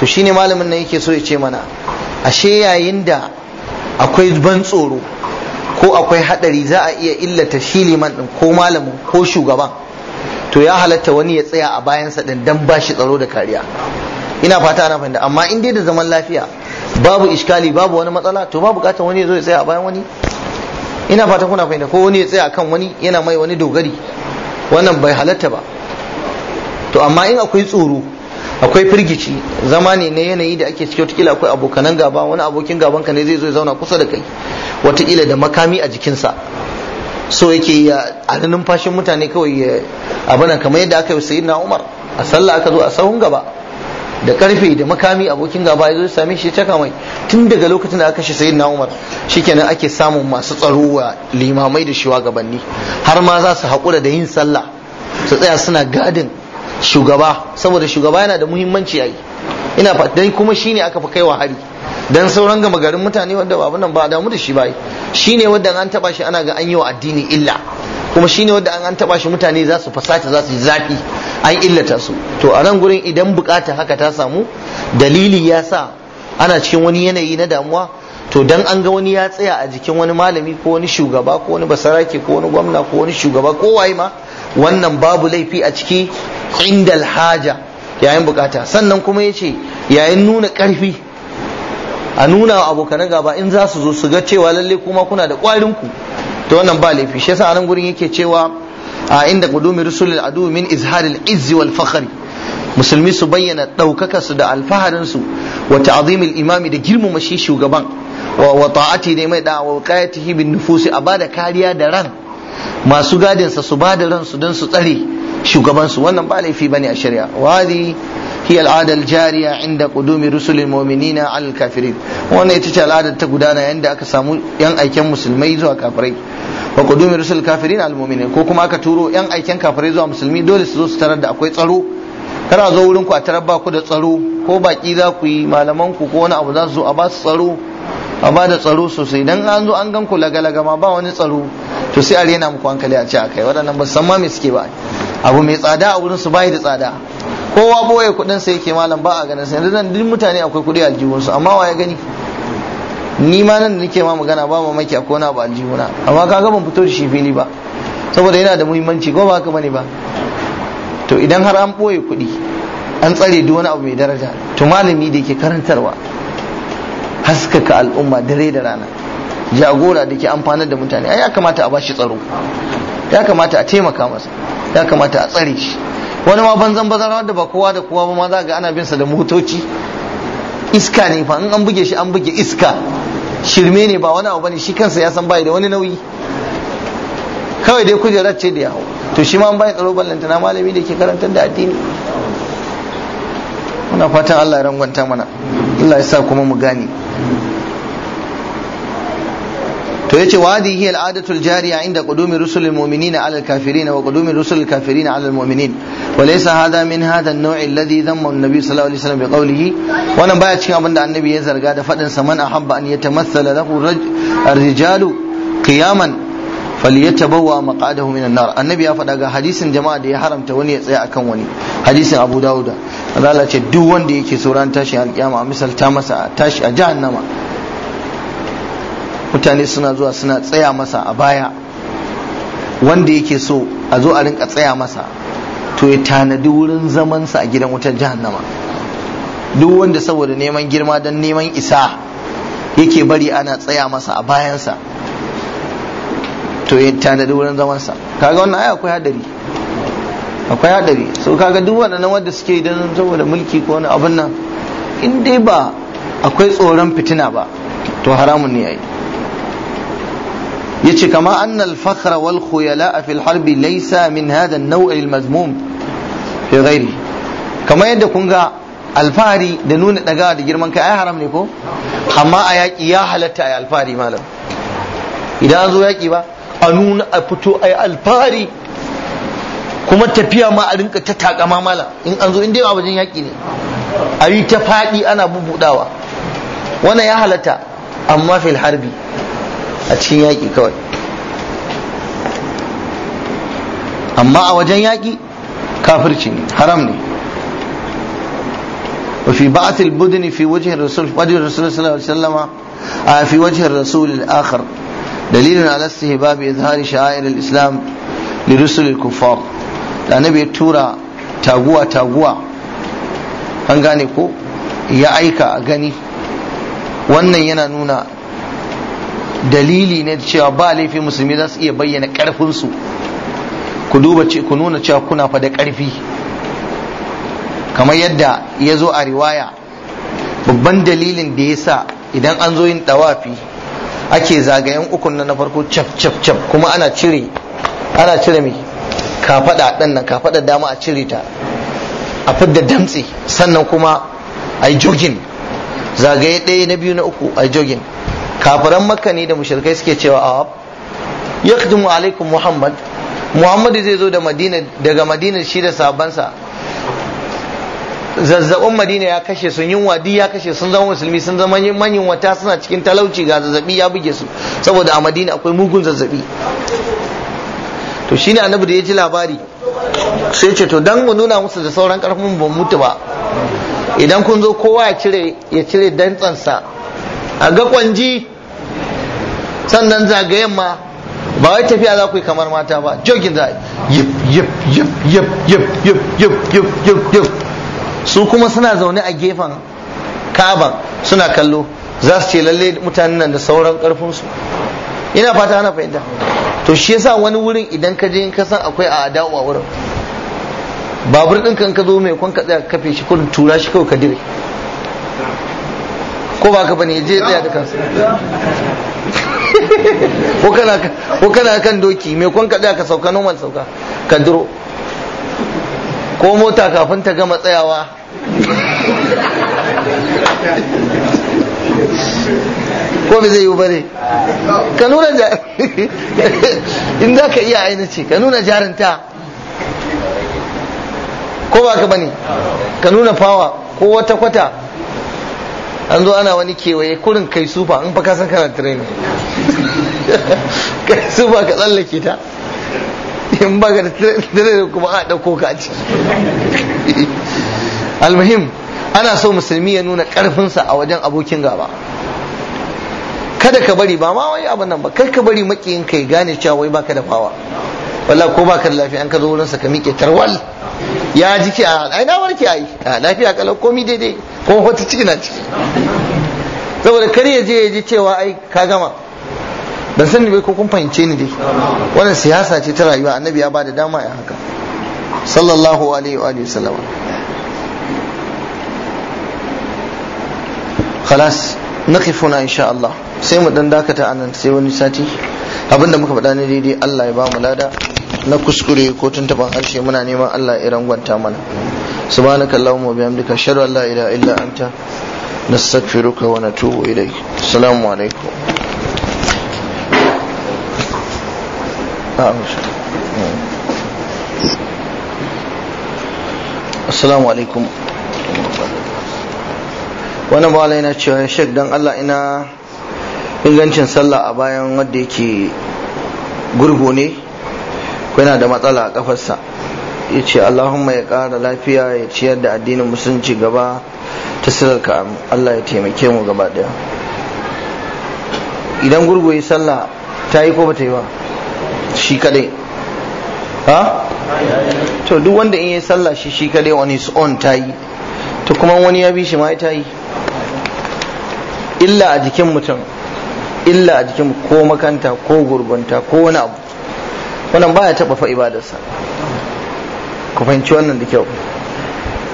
to shine malamin nan yake so ya ce mana ashe yayin da akwai ban tsoro ko akwai hadari za a iya illata shi liman din ko malamin ko shugaban to ya halatta wani ya tsaya a bayansa din dan ba shi tsaro da kariya ina fata na fahimta amma in dai da zaman lafiya babu iskali babu wani matsala to ba bukatar wani ya zo ya tsaya a bayan wani ina fata kuna fahimta ko wani ya tsaya akan wani yana mai wani dogari wannan bai halatta ba to amma in akwai tsoro akwai firgici zama ne na yanayi da ake ciki watakila akwai abokanan gaba wani abokin gaban ka ne zai zo ya zauna kusa da kai watakila da makami a jikinsa so yake ya a numfashin mutane kawai ya abana kamar yadda aka yi sayyidina Umar a sallah aka zo a sahun gaba da karfe da makami abokin gaba ya zo ya same shi ya caka mai tun daga lokacin da aka shi sayyidina Umar shikenan ake samun masu tsaro wa limamai da shuwagabanni har ma za su haƙura da yin sallah su tsaya suna gadin shugaba saboda shugaba yana da muhimmanci yi, ina dai kuma shine aka fi kaiwa hari dan sauran gama garin mutane wanda ba nan ba damu da shi ba shine wanda an taba shi ana ga an yi wa addini illa kuma shine wadda an taba shi mutane za su fasata za su yi zafi an illata su to a nan gurin idan bukata haka ta samu dalili ya sa ana cikin wani yanayi na damuwa to dan an ga wani ya tsaya a jikin wani malami ko wani shugaba ko wani basarake ko wani gwamna ko wani shugaba ko waye ma wannan babu laifi a ciki indal haja yayin bukata sannan kuma ya ce yayin nuna karfi a nuna wa abokanan gaba in za su zo su ga cewa lalle kuma kuna da kwarin ku to wannan ba laifi shi yasa anan gurin yake cewa a inda gudumi rusulil adu min izharil izzi wal fakhri musulmi su bayyana ɗaukaka su da alfaharin su wa ta'zimil imami da girmama shi shugaban wa ta'ati ne mai da wa qayatihi bin nufusi a bada kariya da ran masu gadinsa su bada ran su dan su tsare shugabansu wannan ba laifi bane a shari'a wa hadi hiya al'ada jariya inda qudumi rusulil mu'minina al kafirin wannan ita ce al'adar ta gudana yanda aka samu yan aiken musulmai zuwa kafirai wa qudumi rusul kafirin al mu'minin ko kuma aka turo yan aiken kafirai zuwa musulmi dole su zo su tarar da akwai tsaro kana zo wurin ku a tarar ba ku da tsaro ko baki za ku yi malaman ku ko wani abu za su zo a ba su tsaro a ba da tsaro sosai dan an zo an gan ku laga-laga ma ba wani tsaro to sai a rena muku hankali a ce akai waɗannan ba san ma me suke ba abu mai tsada a wurin su bai da tsada kowa boye kudin sa yake malam ba a ganin sa yanzu nan duk mutane akwai kudi aljihun su amma wa ya gani ni ma nan da nake ma magana ba mamaki a kona ba aljihuna amma kaga ban fito da shi fili ba saboda yana da muhimmanci ko ba haka bane ba to idan har an boye kudi an tsare duk wani abu mai daraja to malami da yake karantarwa haskaka al'umma dare da rana jagora da ke amfanar da mutane ai ya kamata a bashi tsaro ya kamata a taimaka masa ya kamata a tsare shi wani ma banzan bazara da ba kowa da kowa ba ma za ga ana bin sa da motoci iska ne fa in an buge shi an buge iska shirme ne ba wani abu bane shi kansa ya san bai da wani nauyi kawai dai kujerar ce da yawo to shi ma bai tsaro ballanta na malami da ke karantar da addini muna fatan Allah ya rangwanta mana Allah ya sa kuma mu gane to yace wa hadhihi al'adatul jariya inda qudumi rusulil mu'minina 'ala al-kafirin wa qudumi rusulil kafirin 'ala al-mu'minin wa laysa hadha min hadha an-naw' alladhi dhamma an-nabi sallallahu alaihi wasallam biqawlihi wannan baya cikin abinda annabi ya zarga da fadin sa man ahabba an yatamathala lahu ar-rijalu qiyaman falyatabawa maq'adahu min an-nar annabi ya faɗa ga hadisin jama'a da ya haramta wani ya tsaya akan wani hadisin Abu dauda Allah ce duk wanda yake so tashi al misal misalta masa tashi a jahannama mutane suna zuwa suna tsaya masa a baya wanda yake so a zo a rinka tsaya masa to ya tanadi wurin zamansa a gidan wutar jahannama duk wanda saboda neman girma don neman isa yake bari ana tsaya masa a bayansa to ya tanadi wurin zamansa kaga wannan ai akwai hadari akwai hadari so kaga duk waɗannan wanda suke idan saboda mulki ko wani abin nan in dai ba akwai tsoron fitina ba to haramun ne yayi yace kama annal fakhra wal khuyala fi al-harb laysa min hadha an-naw' al-mazmum fi ghairi kama yadda kun ga alfahari da nuna daga da girman kai ai haram ne ko amma a yaki ya halatta ai alfari malam idan an zo yaki ba a nuna a fito ai alfahari kuma tafiya ma a rinka ta takama malam in an zo in dai wajen yaki ne a yi ta faɗi ana bubudawa wannan ya halatta amma fil harbi a cikin yaƙi kawai amma a wajen yaƙi kafirci ne haram ne وفي بعث البدن في وجه الرسول وجه الرسول صلى الله عليه وسلم في وجه الرسول الآخر دليل على استهباب شعائر لرسل الكفار تورا تاغوا تاغوا an gane ko ya aika a gani wannan yana nuna dalili ne cewa ba laifin musulmi za su iya bayyana ƙarfinsu ku duba ku nuna cewa kuna fa da ƙarfi kamar yadda ya zo a riwaya babban dalilin da ya sa idan an zo yin ɗawafi ake zagayen ukun na farko cap cap cap kuma ana cire ana cire mai kafaɗa ɗan nan kafaɗa dama a cire ta a fidda damtse sannan kuma a yi jogin zagaye ɗaya na biyu na uku a yi jogin kafiran makka ne da mushrikai suke cewa a yakdumu alaikum muhammad muhammadu zai zo da madina daga madina shi da sabansa zazzabin madina ya kashe sun yin wadi ya kashe sun zama musulmi sun zama manyan wata suna cikin talauci ga zazzabi ya buge su saboda a madina akwai mugun zazzabi to shine annabi da ya ji labari sai ce to dan mu nuna musu da sauran karfin ban mutu ba idan kun zo kowa ya cire ya cire dantsansa a ga kwanji sannan zagayen ma ba wai tafiya za ku yi kamar mata ba jogin za yip yip yip yip yip yip yip yip yip yip su kuma suna zaune a gefen kaban suna kallo za su ce lalle mutanen nan da sauran karfinsu ina fata ana fahimta to shi yasa wani wurin idan ka je ka san akwai a adawa wurin babur ɗin kan ka zo mai kwan ka tsaya kafe shi kudin tura shi kawai ka dire ko ba ka bane je tsaya da kansa ko kana kan doki mai kun kaɗa ka sauka noman sauka ka duro ko mota kafin ta gama tsayawa ko me zai yi bare ka nuna in za ka iya aina ce ka nuna jarinta ko ba ka bane ka nuna fawa ko wata kwata an zo ana wani kewaye kurin kai sufa in fa ka san kana training kai sufa ka tsallake ta in ba ka da kuma a ɗauko ka ci almuhim ana so musulmi ya nuna ƙarfinsa a wajen abokin gaba kada ka bari ba ma wani abin nan ba kar ka bari makiyin ka ya gane cewa wai baka da fawa Wala ko baka da lafiya an ka zo wurinsa ka miƙe tarwal ya ji ki a na warke ai a lafiya kalau komi daidai ko wata ciki na ciki saboda kar ya je ya ji cewa ai ka gama ban sani bai ko kun fahimce ni dai wannan siyasa ce ta rayuwa annabi ya ba da dama ya haka sallallahu alaihi wa sallam khalas nakifuna insha Allah sai mu dan dakata anan sai wani sati abinda muka faɗa ne daidai Allah ya ba mu lada na kuskure ko tuntuban harshe muna neman Allah ya rangwanta mana subhanaka allahumma bihamdika ashhadu an la ilaha illa anta nastaghfiruka wa natubu ilayk assalamu alaikum assalamu alaikum wani bala yana cewa shek don allah ina ingancin sallah a bayan wanda yake gurgu ne ko yana da matsala a kafarsa ya ce allahumma ya ƙara lafiya ya ciyar da addinin musulunci gaba ta sirarka allah ya taimake mu gaba daya idan gurgu ya sallah ta yi ko ba ta yi ba shi kadai ha to duk wanda in yi sallah shi shi kadai on his own ta yi to kuma wani ya bi shi ma ta yi illa a jikin mutum illa a jikin ko makanta ko gurgunta ko wani abu wannan baya taba fa ibadarsa ku fahimci wannan da kyau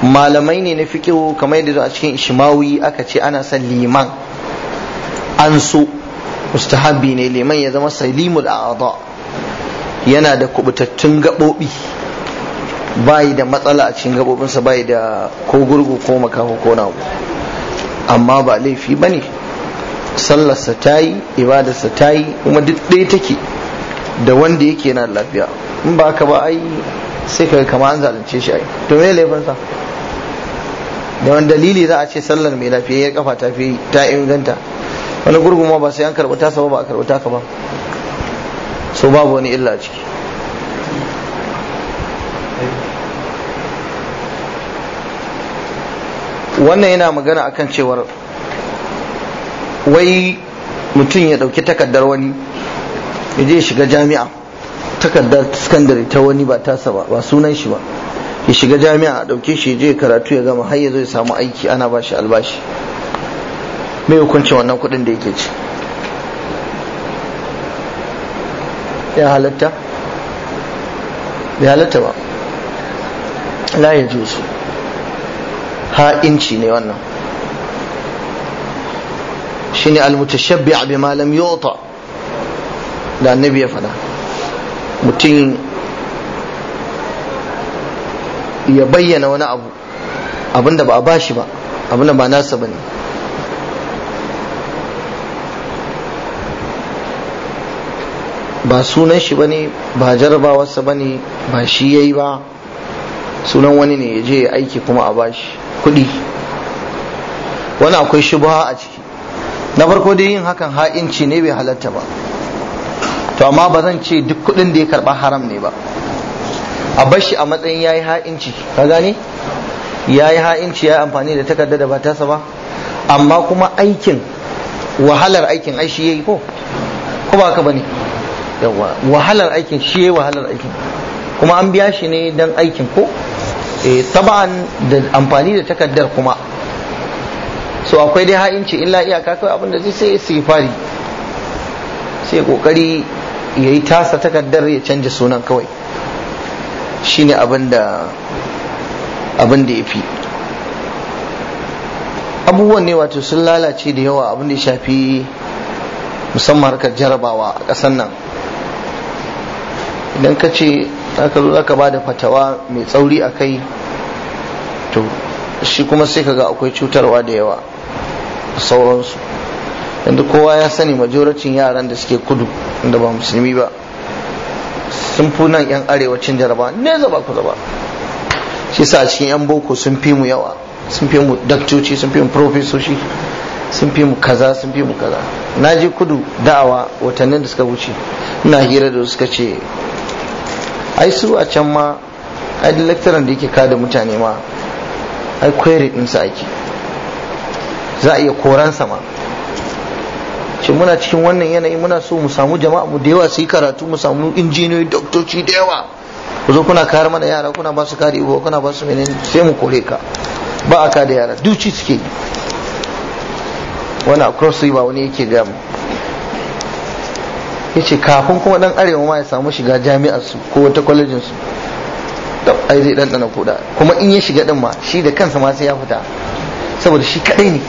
malamai ne na fiƙi kamar yadda a cikin ishimawi aka ce ana son liman an so mustahabi ne liman ya zama salimul a'adha yana da kubutattun ba bayi da matsala a cikin ba bayi da ko gurgu ko makaho ko nawo amma ba laifi ba ne sallarsa ta yi ibadarsa ta yi kuma duk ɗaya take da wanda yake na lafiya in ba ka ba ai sai ka kama an zalunce shi ai to me sa da wani dalili za a ce sallar mai lafiya ya kafa ta fi ta inganta wani gurguma ba sai an karɓi tasa ba ba a karɓi taka ba so babu wani illa ciki wannan yana magana akan cewar wai mutum ya dauki takardar wani ya je shiga jami'a takardar sakandare ta wani ba tasa ba ba sunan shi ba ya shiga jami'a a ɗauke shi ya je karatu ya gama har ya zo ya samu aiki ana ba shi albashi mai hukuncin wannan kuɗin da yake ci ya halatta bai halatta ba la ya ha'inci ne wannan shi shine almutashabbi' abin Malam yota da annabi ya fada mutum ya bayyana wani abu abinda ba a bashi ba abinda ba nasa ba ne. ba sunan shi ne ba jarabawarsa ne ba shi yi ba sunan wani ne ya je ya aiki kuma a bashi kuɗi wani akwai shubha a ciki na farko dai yin hakan ha'inci ne bai halatta ba to amma ba zan ce duk kuɗin da ya karɓa haram ne ba a bar shi a matsayin yayi ha'inci ka gane yayi ha'inci yayi amfani da takarda da ba tasa ba amma kuma aikin wahalar aikin ai shi yayi ko ko ba haka bane yawa wahalar aikin shi yayi wahalar aikin kuma an biya shi ne dan aikin ko Eh, taban da amfani da takaddar kuma so akwai dai ha'inci illa iyaka kai abin da zai sai fari. sai kokari ya tasa takaddar ya canja sunan kawai shine abin da abin da ya abubuwan ne wato sun lalace da yawa abin da ya shafi musamman harkar jarabawa a ƙasar nan idan ka ce zaka zo zaka bada fatawa mai tsauri a kai to shi kuma sai kaga akwai cutarwa da yawa sauransu yanzu kowa ya sani majoracin yaran da suke kudu da ba musulmi ba sun fi nan yan arewacin jaraba ne zaba ku zaba shi sa a cikin yan boko sun fi mu yawa sun fi mu daktoci sun fi mu profesoshi sun fi mu kaza sun fi mu kaza na je kudu da'awa watannin da suka wuce ina hira da suka ce ai su a can ma ai da lecturer da yake kada mutane ma ai query sa ake za a iya koransa ma ce muna cikin wannan yanayi muna so mu samu jama'a mu da yawa su yi karatu mu samu injiniyoyi doktoci da yawa ku zo kuna kayar mana yara kuna ba su kare uwa kuna ba su menene sai mu kore ka ba a kada yara duci suke Wani wani across ba wani yake mu yace kafin kuma dan arewa ma ya samu shiga jami'ar su ko wata kwalejin su ai zai dan dana koda kuma in ya shiga din ma shi da kansa ma sai ya fita saboda shi kadai ne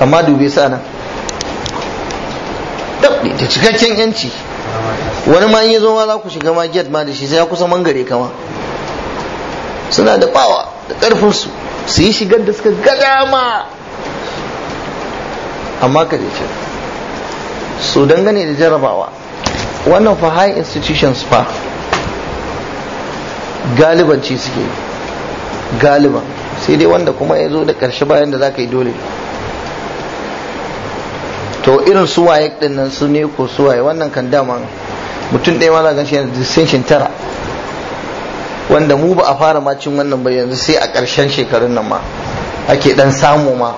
amma dube su anan da cikakken yanci wani ma in ya zo ma za ku shiga ma gate ma da shi sai ya kusa mangare kama suna da bawa da karfin su yi shigar da suka ga dama amma ka je su dangane da jarabawa wannan fa high institutions fa galibanci suke galiban sai dai wanda kuma ya zo da ƙarshe bayan da za ka yi dole to irin suwaye ɗin nan su ne ko suwaye wannan kan dama mutum ɗaya ma za gan shi yana distinction tara wanda mu ba a fara macin wannan ba yanzu sai a ƙarshen shekarun nan ma ake ɗan samu ma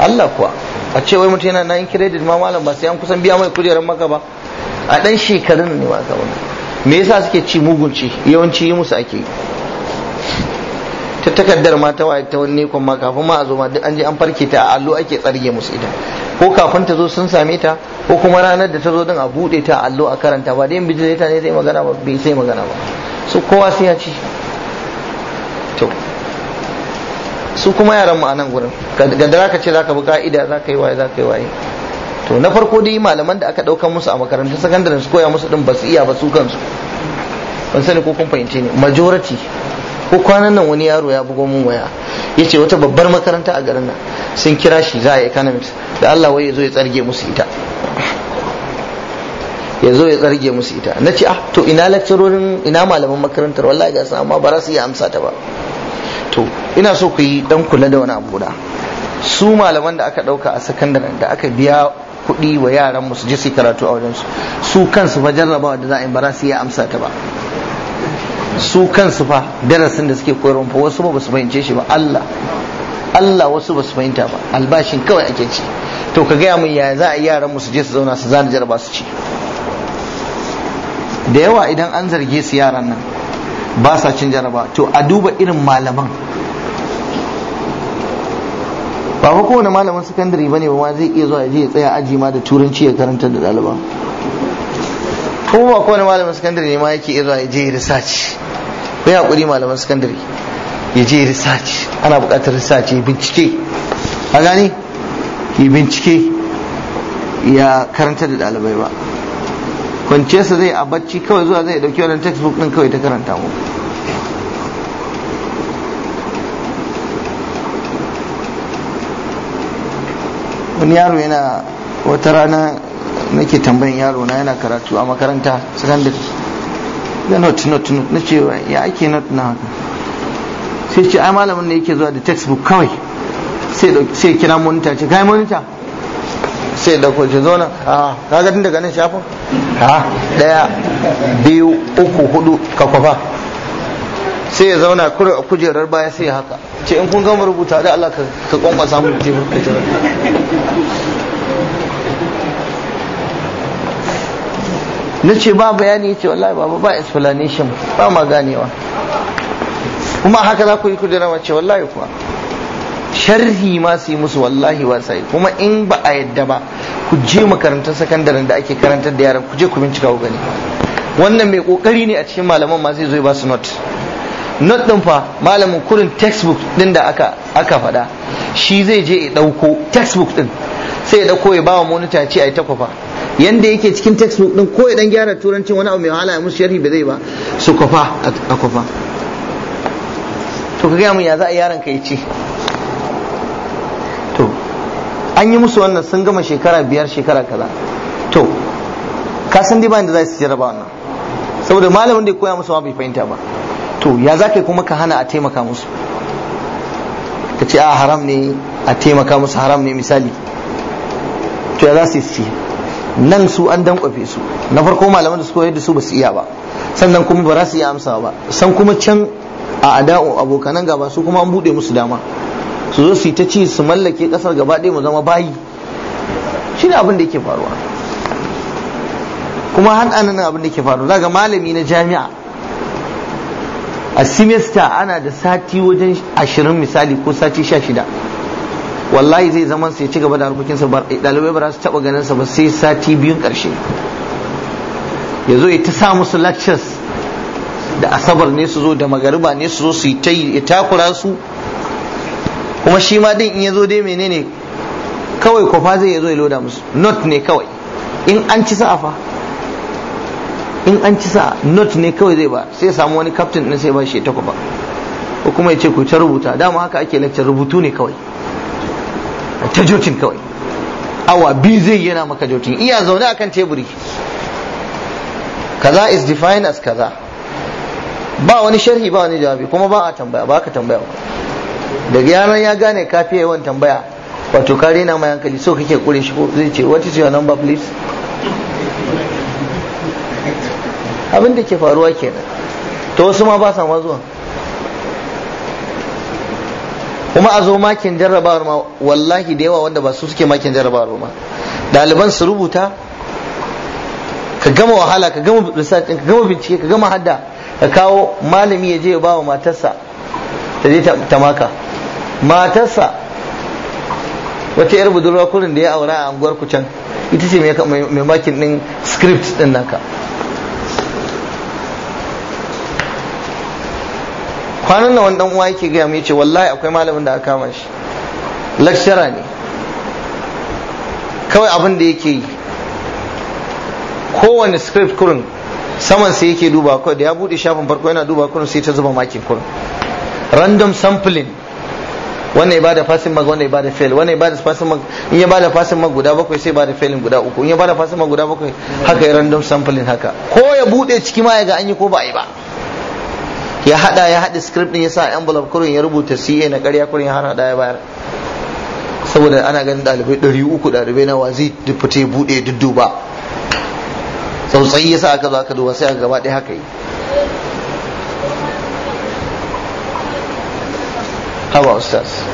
Allah kuwa a ce wai mutum yana na yin credit ma malam ba sai an kusan biya mai kujerar maka ba a ɗan shekarun ne ba ka me yasa suke ci mugunci yawanci yi musu ake ta takardar ma ta waye ta wani kuma kafin ma a zo ma duk an je an farke ta a allo ake tsarge musu ita ko kafin ta zo sun same ta ko kuma ranar da ta zo din a bude ta a allo a karanta ba dai bijire ta ne zai magana ba bai sai magana ba su kowa sai ya ci su kuma yaran mu a nan gurin gadara ka ce zaka bi ka'ida zaka yi waye zaka yi waye to na farko dai malaman da aka ɗaukan musu a makaranta sakandare su koya musu din ba su iya ba su kansu ban sani ko kun fahimce ne majority ko kwanan nan wani yaro ya bugo mun waya yace wata babbar makaranta a garin nan sun kira shi za a economics da Allah wai ya zo ya tsarge musu ita ya zo ya tsarge musu ita na ce ah to ina lecturorin ina malaman makarantar wallahi ga amma ba za su iya amsa ta ba to ina so ku yi dan kula da wani abu da su malaman da aka dauka a sakandaren da aka biya kuɗi wa yaran su je su karatu a wajensu su kansu fa jarrabawa da za a yi ba su amsa ta ba su kansu fa darasin da suke koyarwa fa wasu ba su fahimce shi ba Allah Allah wasu ba su fahimta ba albashin kawai ake ci to ka gaya min yaya za a yaran mu su je su zauna su zana jaraba su ci da yawa idan an zarge su yaran nan ba sa cin jaraba to a duba irin malaman ba fa kowane malamin sakandare bane ba ma zai iya zuwa ya tsaya aji ma da turanci ya karanta da ɗaliban ko ba kowane malamin sakandare ne ma yake iya zuwa ya je research ko ya kuri malamin sakandare ya je research ana buƙatar research ya bincike a gani ya bincike ya karanta da ɗalibai ba kwanciyarsa zai a bacci kawai zuwa zai ɗauki wannan textbook ɗin kawai ta karanta mu wani yaro yana wata rana nake tambayin yaro na yana karatu a makaranta secondary da not not not na cewa ya ake not na haka sai ce ai malamin ne yake zuwa da textbook kawai sai kira monita ce kai monita sai da kwace zo nan a ah, kaga tun daga nan shafa A ah, daya biyu uku hudu ka kwafa sai ya zauna a kujerar baya sai ya haka ce in kun gama rubuta da Allah ka kwanwa samun da tebur kujerar na ce ba bayani ce wallahi ba ba explanation ba ma ganewa kuma haka za ku yi kujerar mace wallahi kuwa sharhi ma su yi musu wallahi wasai kuma in ba a yadda ba ku je makarantar sakandaren da ake karantar da yaran ku je ku bincika ku gani wannan mai kokari ne a cikin malaman ma zai zo ya ba su note not din fa malamin kurin textbook din da aka aka faɗa shi zai je ya ɗauko textbook din sai ya ɗauko ya bawa monitor ce ai takwafa yanda yake cikin textbook din ko ya dan gyara turancin wani abu mai wahala ya musu sharhi ba zai ba su kwafa a kwafa to ka gaya mun ya za a yaron ka ya ce to an yi musu wannan sun gama shekara biyar shekara kaza to ka san dai ba inda za su jarraba wannan saboda malamin da ya koya musu ma bai fahimta ba to ya za ka kuma ka hana a taimaka musu ka ce a ah, haram ne a taimaka musu haram ne misali to ya za su yi nan su an dankwafe su na farko malaman da suka koyar da su ba su iya ba sannan kuma ba za su iya amsa ba san kuma can a ada'u abokanan gaba su kuma an bude musu dama su zo su yi ta ci su mallake ƙasar gaba ɗaya mu zama bayi shi ne abin da yake faruwa kuma har anan abin da yake faruwa daga malami na jami'a a semester ana da sati wajen ashirin misali ko sati sha shida wallahi zai zama sai ci gaba da harkokinsa ɗalibai ba za su taɓa ganinsa ba sai sati biyun ƙarshe ya zo ya ta sa musu lectures da asabar ne su zo da magariba ne su zo su yi ta ya takura su kuma shi ma din in ya zo dai menene kawai kofa zai ya zo ya loda musu not ne kawai in an ci sa'afa in an ci sa not ne kawai zai ba sai samu wani captain din sai ba shi ta ba. ko kuma ya ce ku ta rubuta dama haka ake lecture rubutu ne kawai ta jotin kawai awa biyu zai yana maka jotin iya zaune akan teburi kaza is defined as kaza ba wani sharhi ba wani jawabi kuma ba a tambaya ba ka tambaya daga yaran ya gane ka fiye yawan tambaya wato ka rena mai hankali so kake kure shi ko zai ce what is your number please abin da ke faruwa kenan to wasu ma ba sa ma zuwa kuma a zo makin jarrabawar ma wallahi da yawa wanda ba su suke makin jarrabawar ma ɗaliban su rubuta ka gama wahala ka gama research ka gama bincike ka gama hadda ka kawo malami ya je ba wa matarsa ta je ta maka matarsa wata yar budurwa kurin da ya aura a anguwar ku can ita ce mai makin din script din naka kwanan nan wani dan uwa yake gaya mai ce wallahi akwai malamin da aka kama shi lakshara ne kawai abin da yake yi kowane script kurin saman sai yake duba kawai da ya bude shafin farko yana duba kurin sai ta zuba makin kurin random sampling wannan ya bada passing mark wannan ya bada fail wannan ya bada passing mark in ya bada passing mark guda bakwai sai bada failing guda uku in ya bada passing mark guda bakwai haka ya random sampling haka ko ya bude ciki ma ya ga an yi ko ba a yi ba ya hada ya hada script din ya sa envelope kurin ya rubuta CA na ƙarya kurin ya hana daya bayar saboda ana ganin dalibai 300 dalibai na wazi fita fite bude dudduba tsautsayi ya sa aka zo aka duba sai aka gaba ɗaya haka yi haba ustaz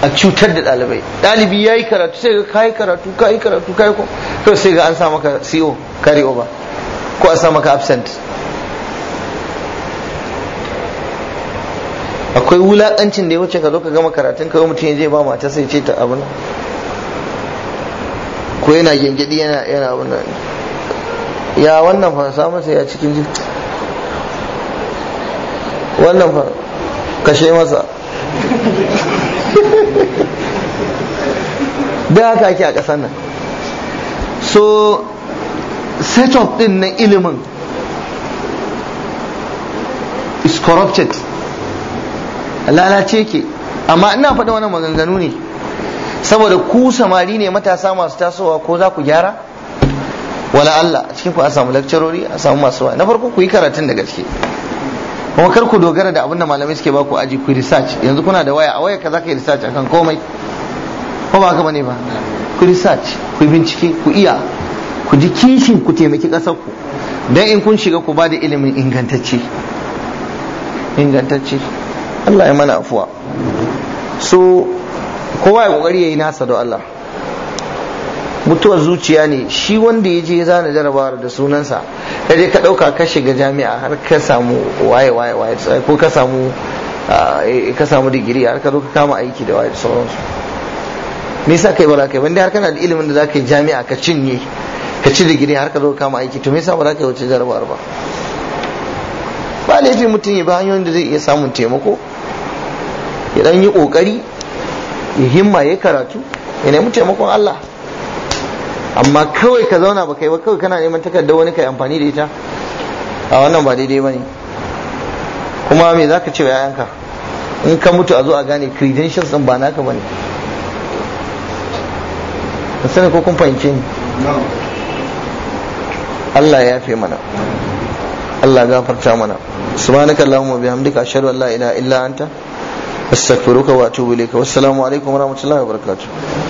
a cutar da ɗalibai ɗalibi ya yi karatu sai ga kayi karatu kayi karatu kayi ko sai ga an sa maka CO carry over ko a sa maka absent akwai wulakancin da ya wuce ka zo ka gama karatun kawai mutum ya je ba mata sai ce ta abin ko yana gengedi yana yana abin ya wannan fa samun sai ya cikin ji wannan fa kashe masa da haka ake a ƙasar nan so set din na ilimin is corrupted lalace ke amma ina faɗi wannan maganganu ne saboda ku samari ne matasa masu tasowa ko za ku gyara wala Allah a cikin ku a samu lakcarori a samu masu na farko ku yi karatun da gaske kuma kar ku dogara da abinda malamai suke ba ku aji ku research yanzu kuna da waya a waya ka za ka yi research akan komai ko ba ka bane ba ku research ku bincike ku iya ku ji kishin ku taimaki ƙasar ku Don in kun shiga ku ba da ilimin ingantacce ingantacce Allah ya mana afuwa so kowa ya kokari yayi nasa da Allah mutuwar zuciya ne shi wanda ya je ya zana jarabawar da sunansa ka je ka ɗauka ka shiga jami'a har ka samu waye waye waye ko ka samu ah, ka samu digiri har ka zo ka kama aiki da waye sauransu me yasa kai ba kai ka Wanda har kana da ilimin da za yi jami'a ka cinye ka ci digiri har ka zo kama aiki to me yasa ba za ka wuce jarabawar ba ba laifi mutum ya bi hanyoyin da zai iya samun taimako ya dan yi kokari ya himma ya karatu ya nemi taimakon Allah amma kawai ka zauna ba kai ba kawai kana neman takardar wani kai amfani da ita a wannan ba daidai ba ne kuma me za ka ce wa yayanka in ka mutu a zo a gane credentials din ba naka ba ne sani ko kun fahimce ni Allah ya yafe mana Allah gafarta mana subhanaka allahumma bihamdika ashhadu an la ilaha illa anta astaghfiruka wa atubu ilayka Salamu alaikum wa wa wabarakatuh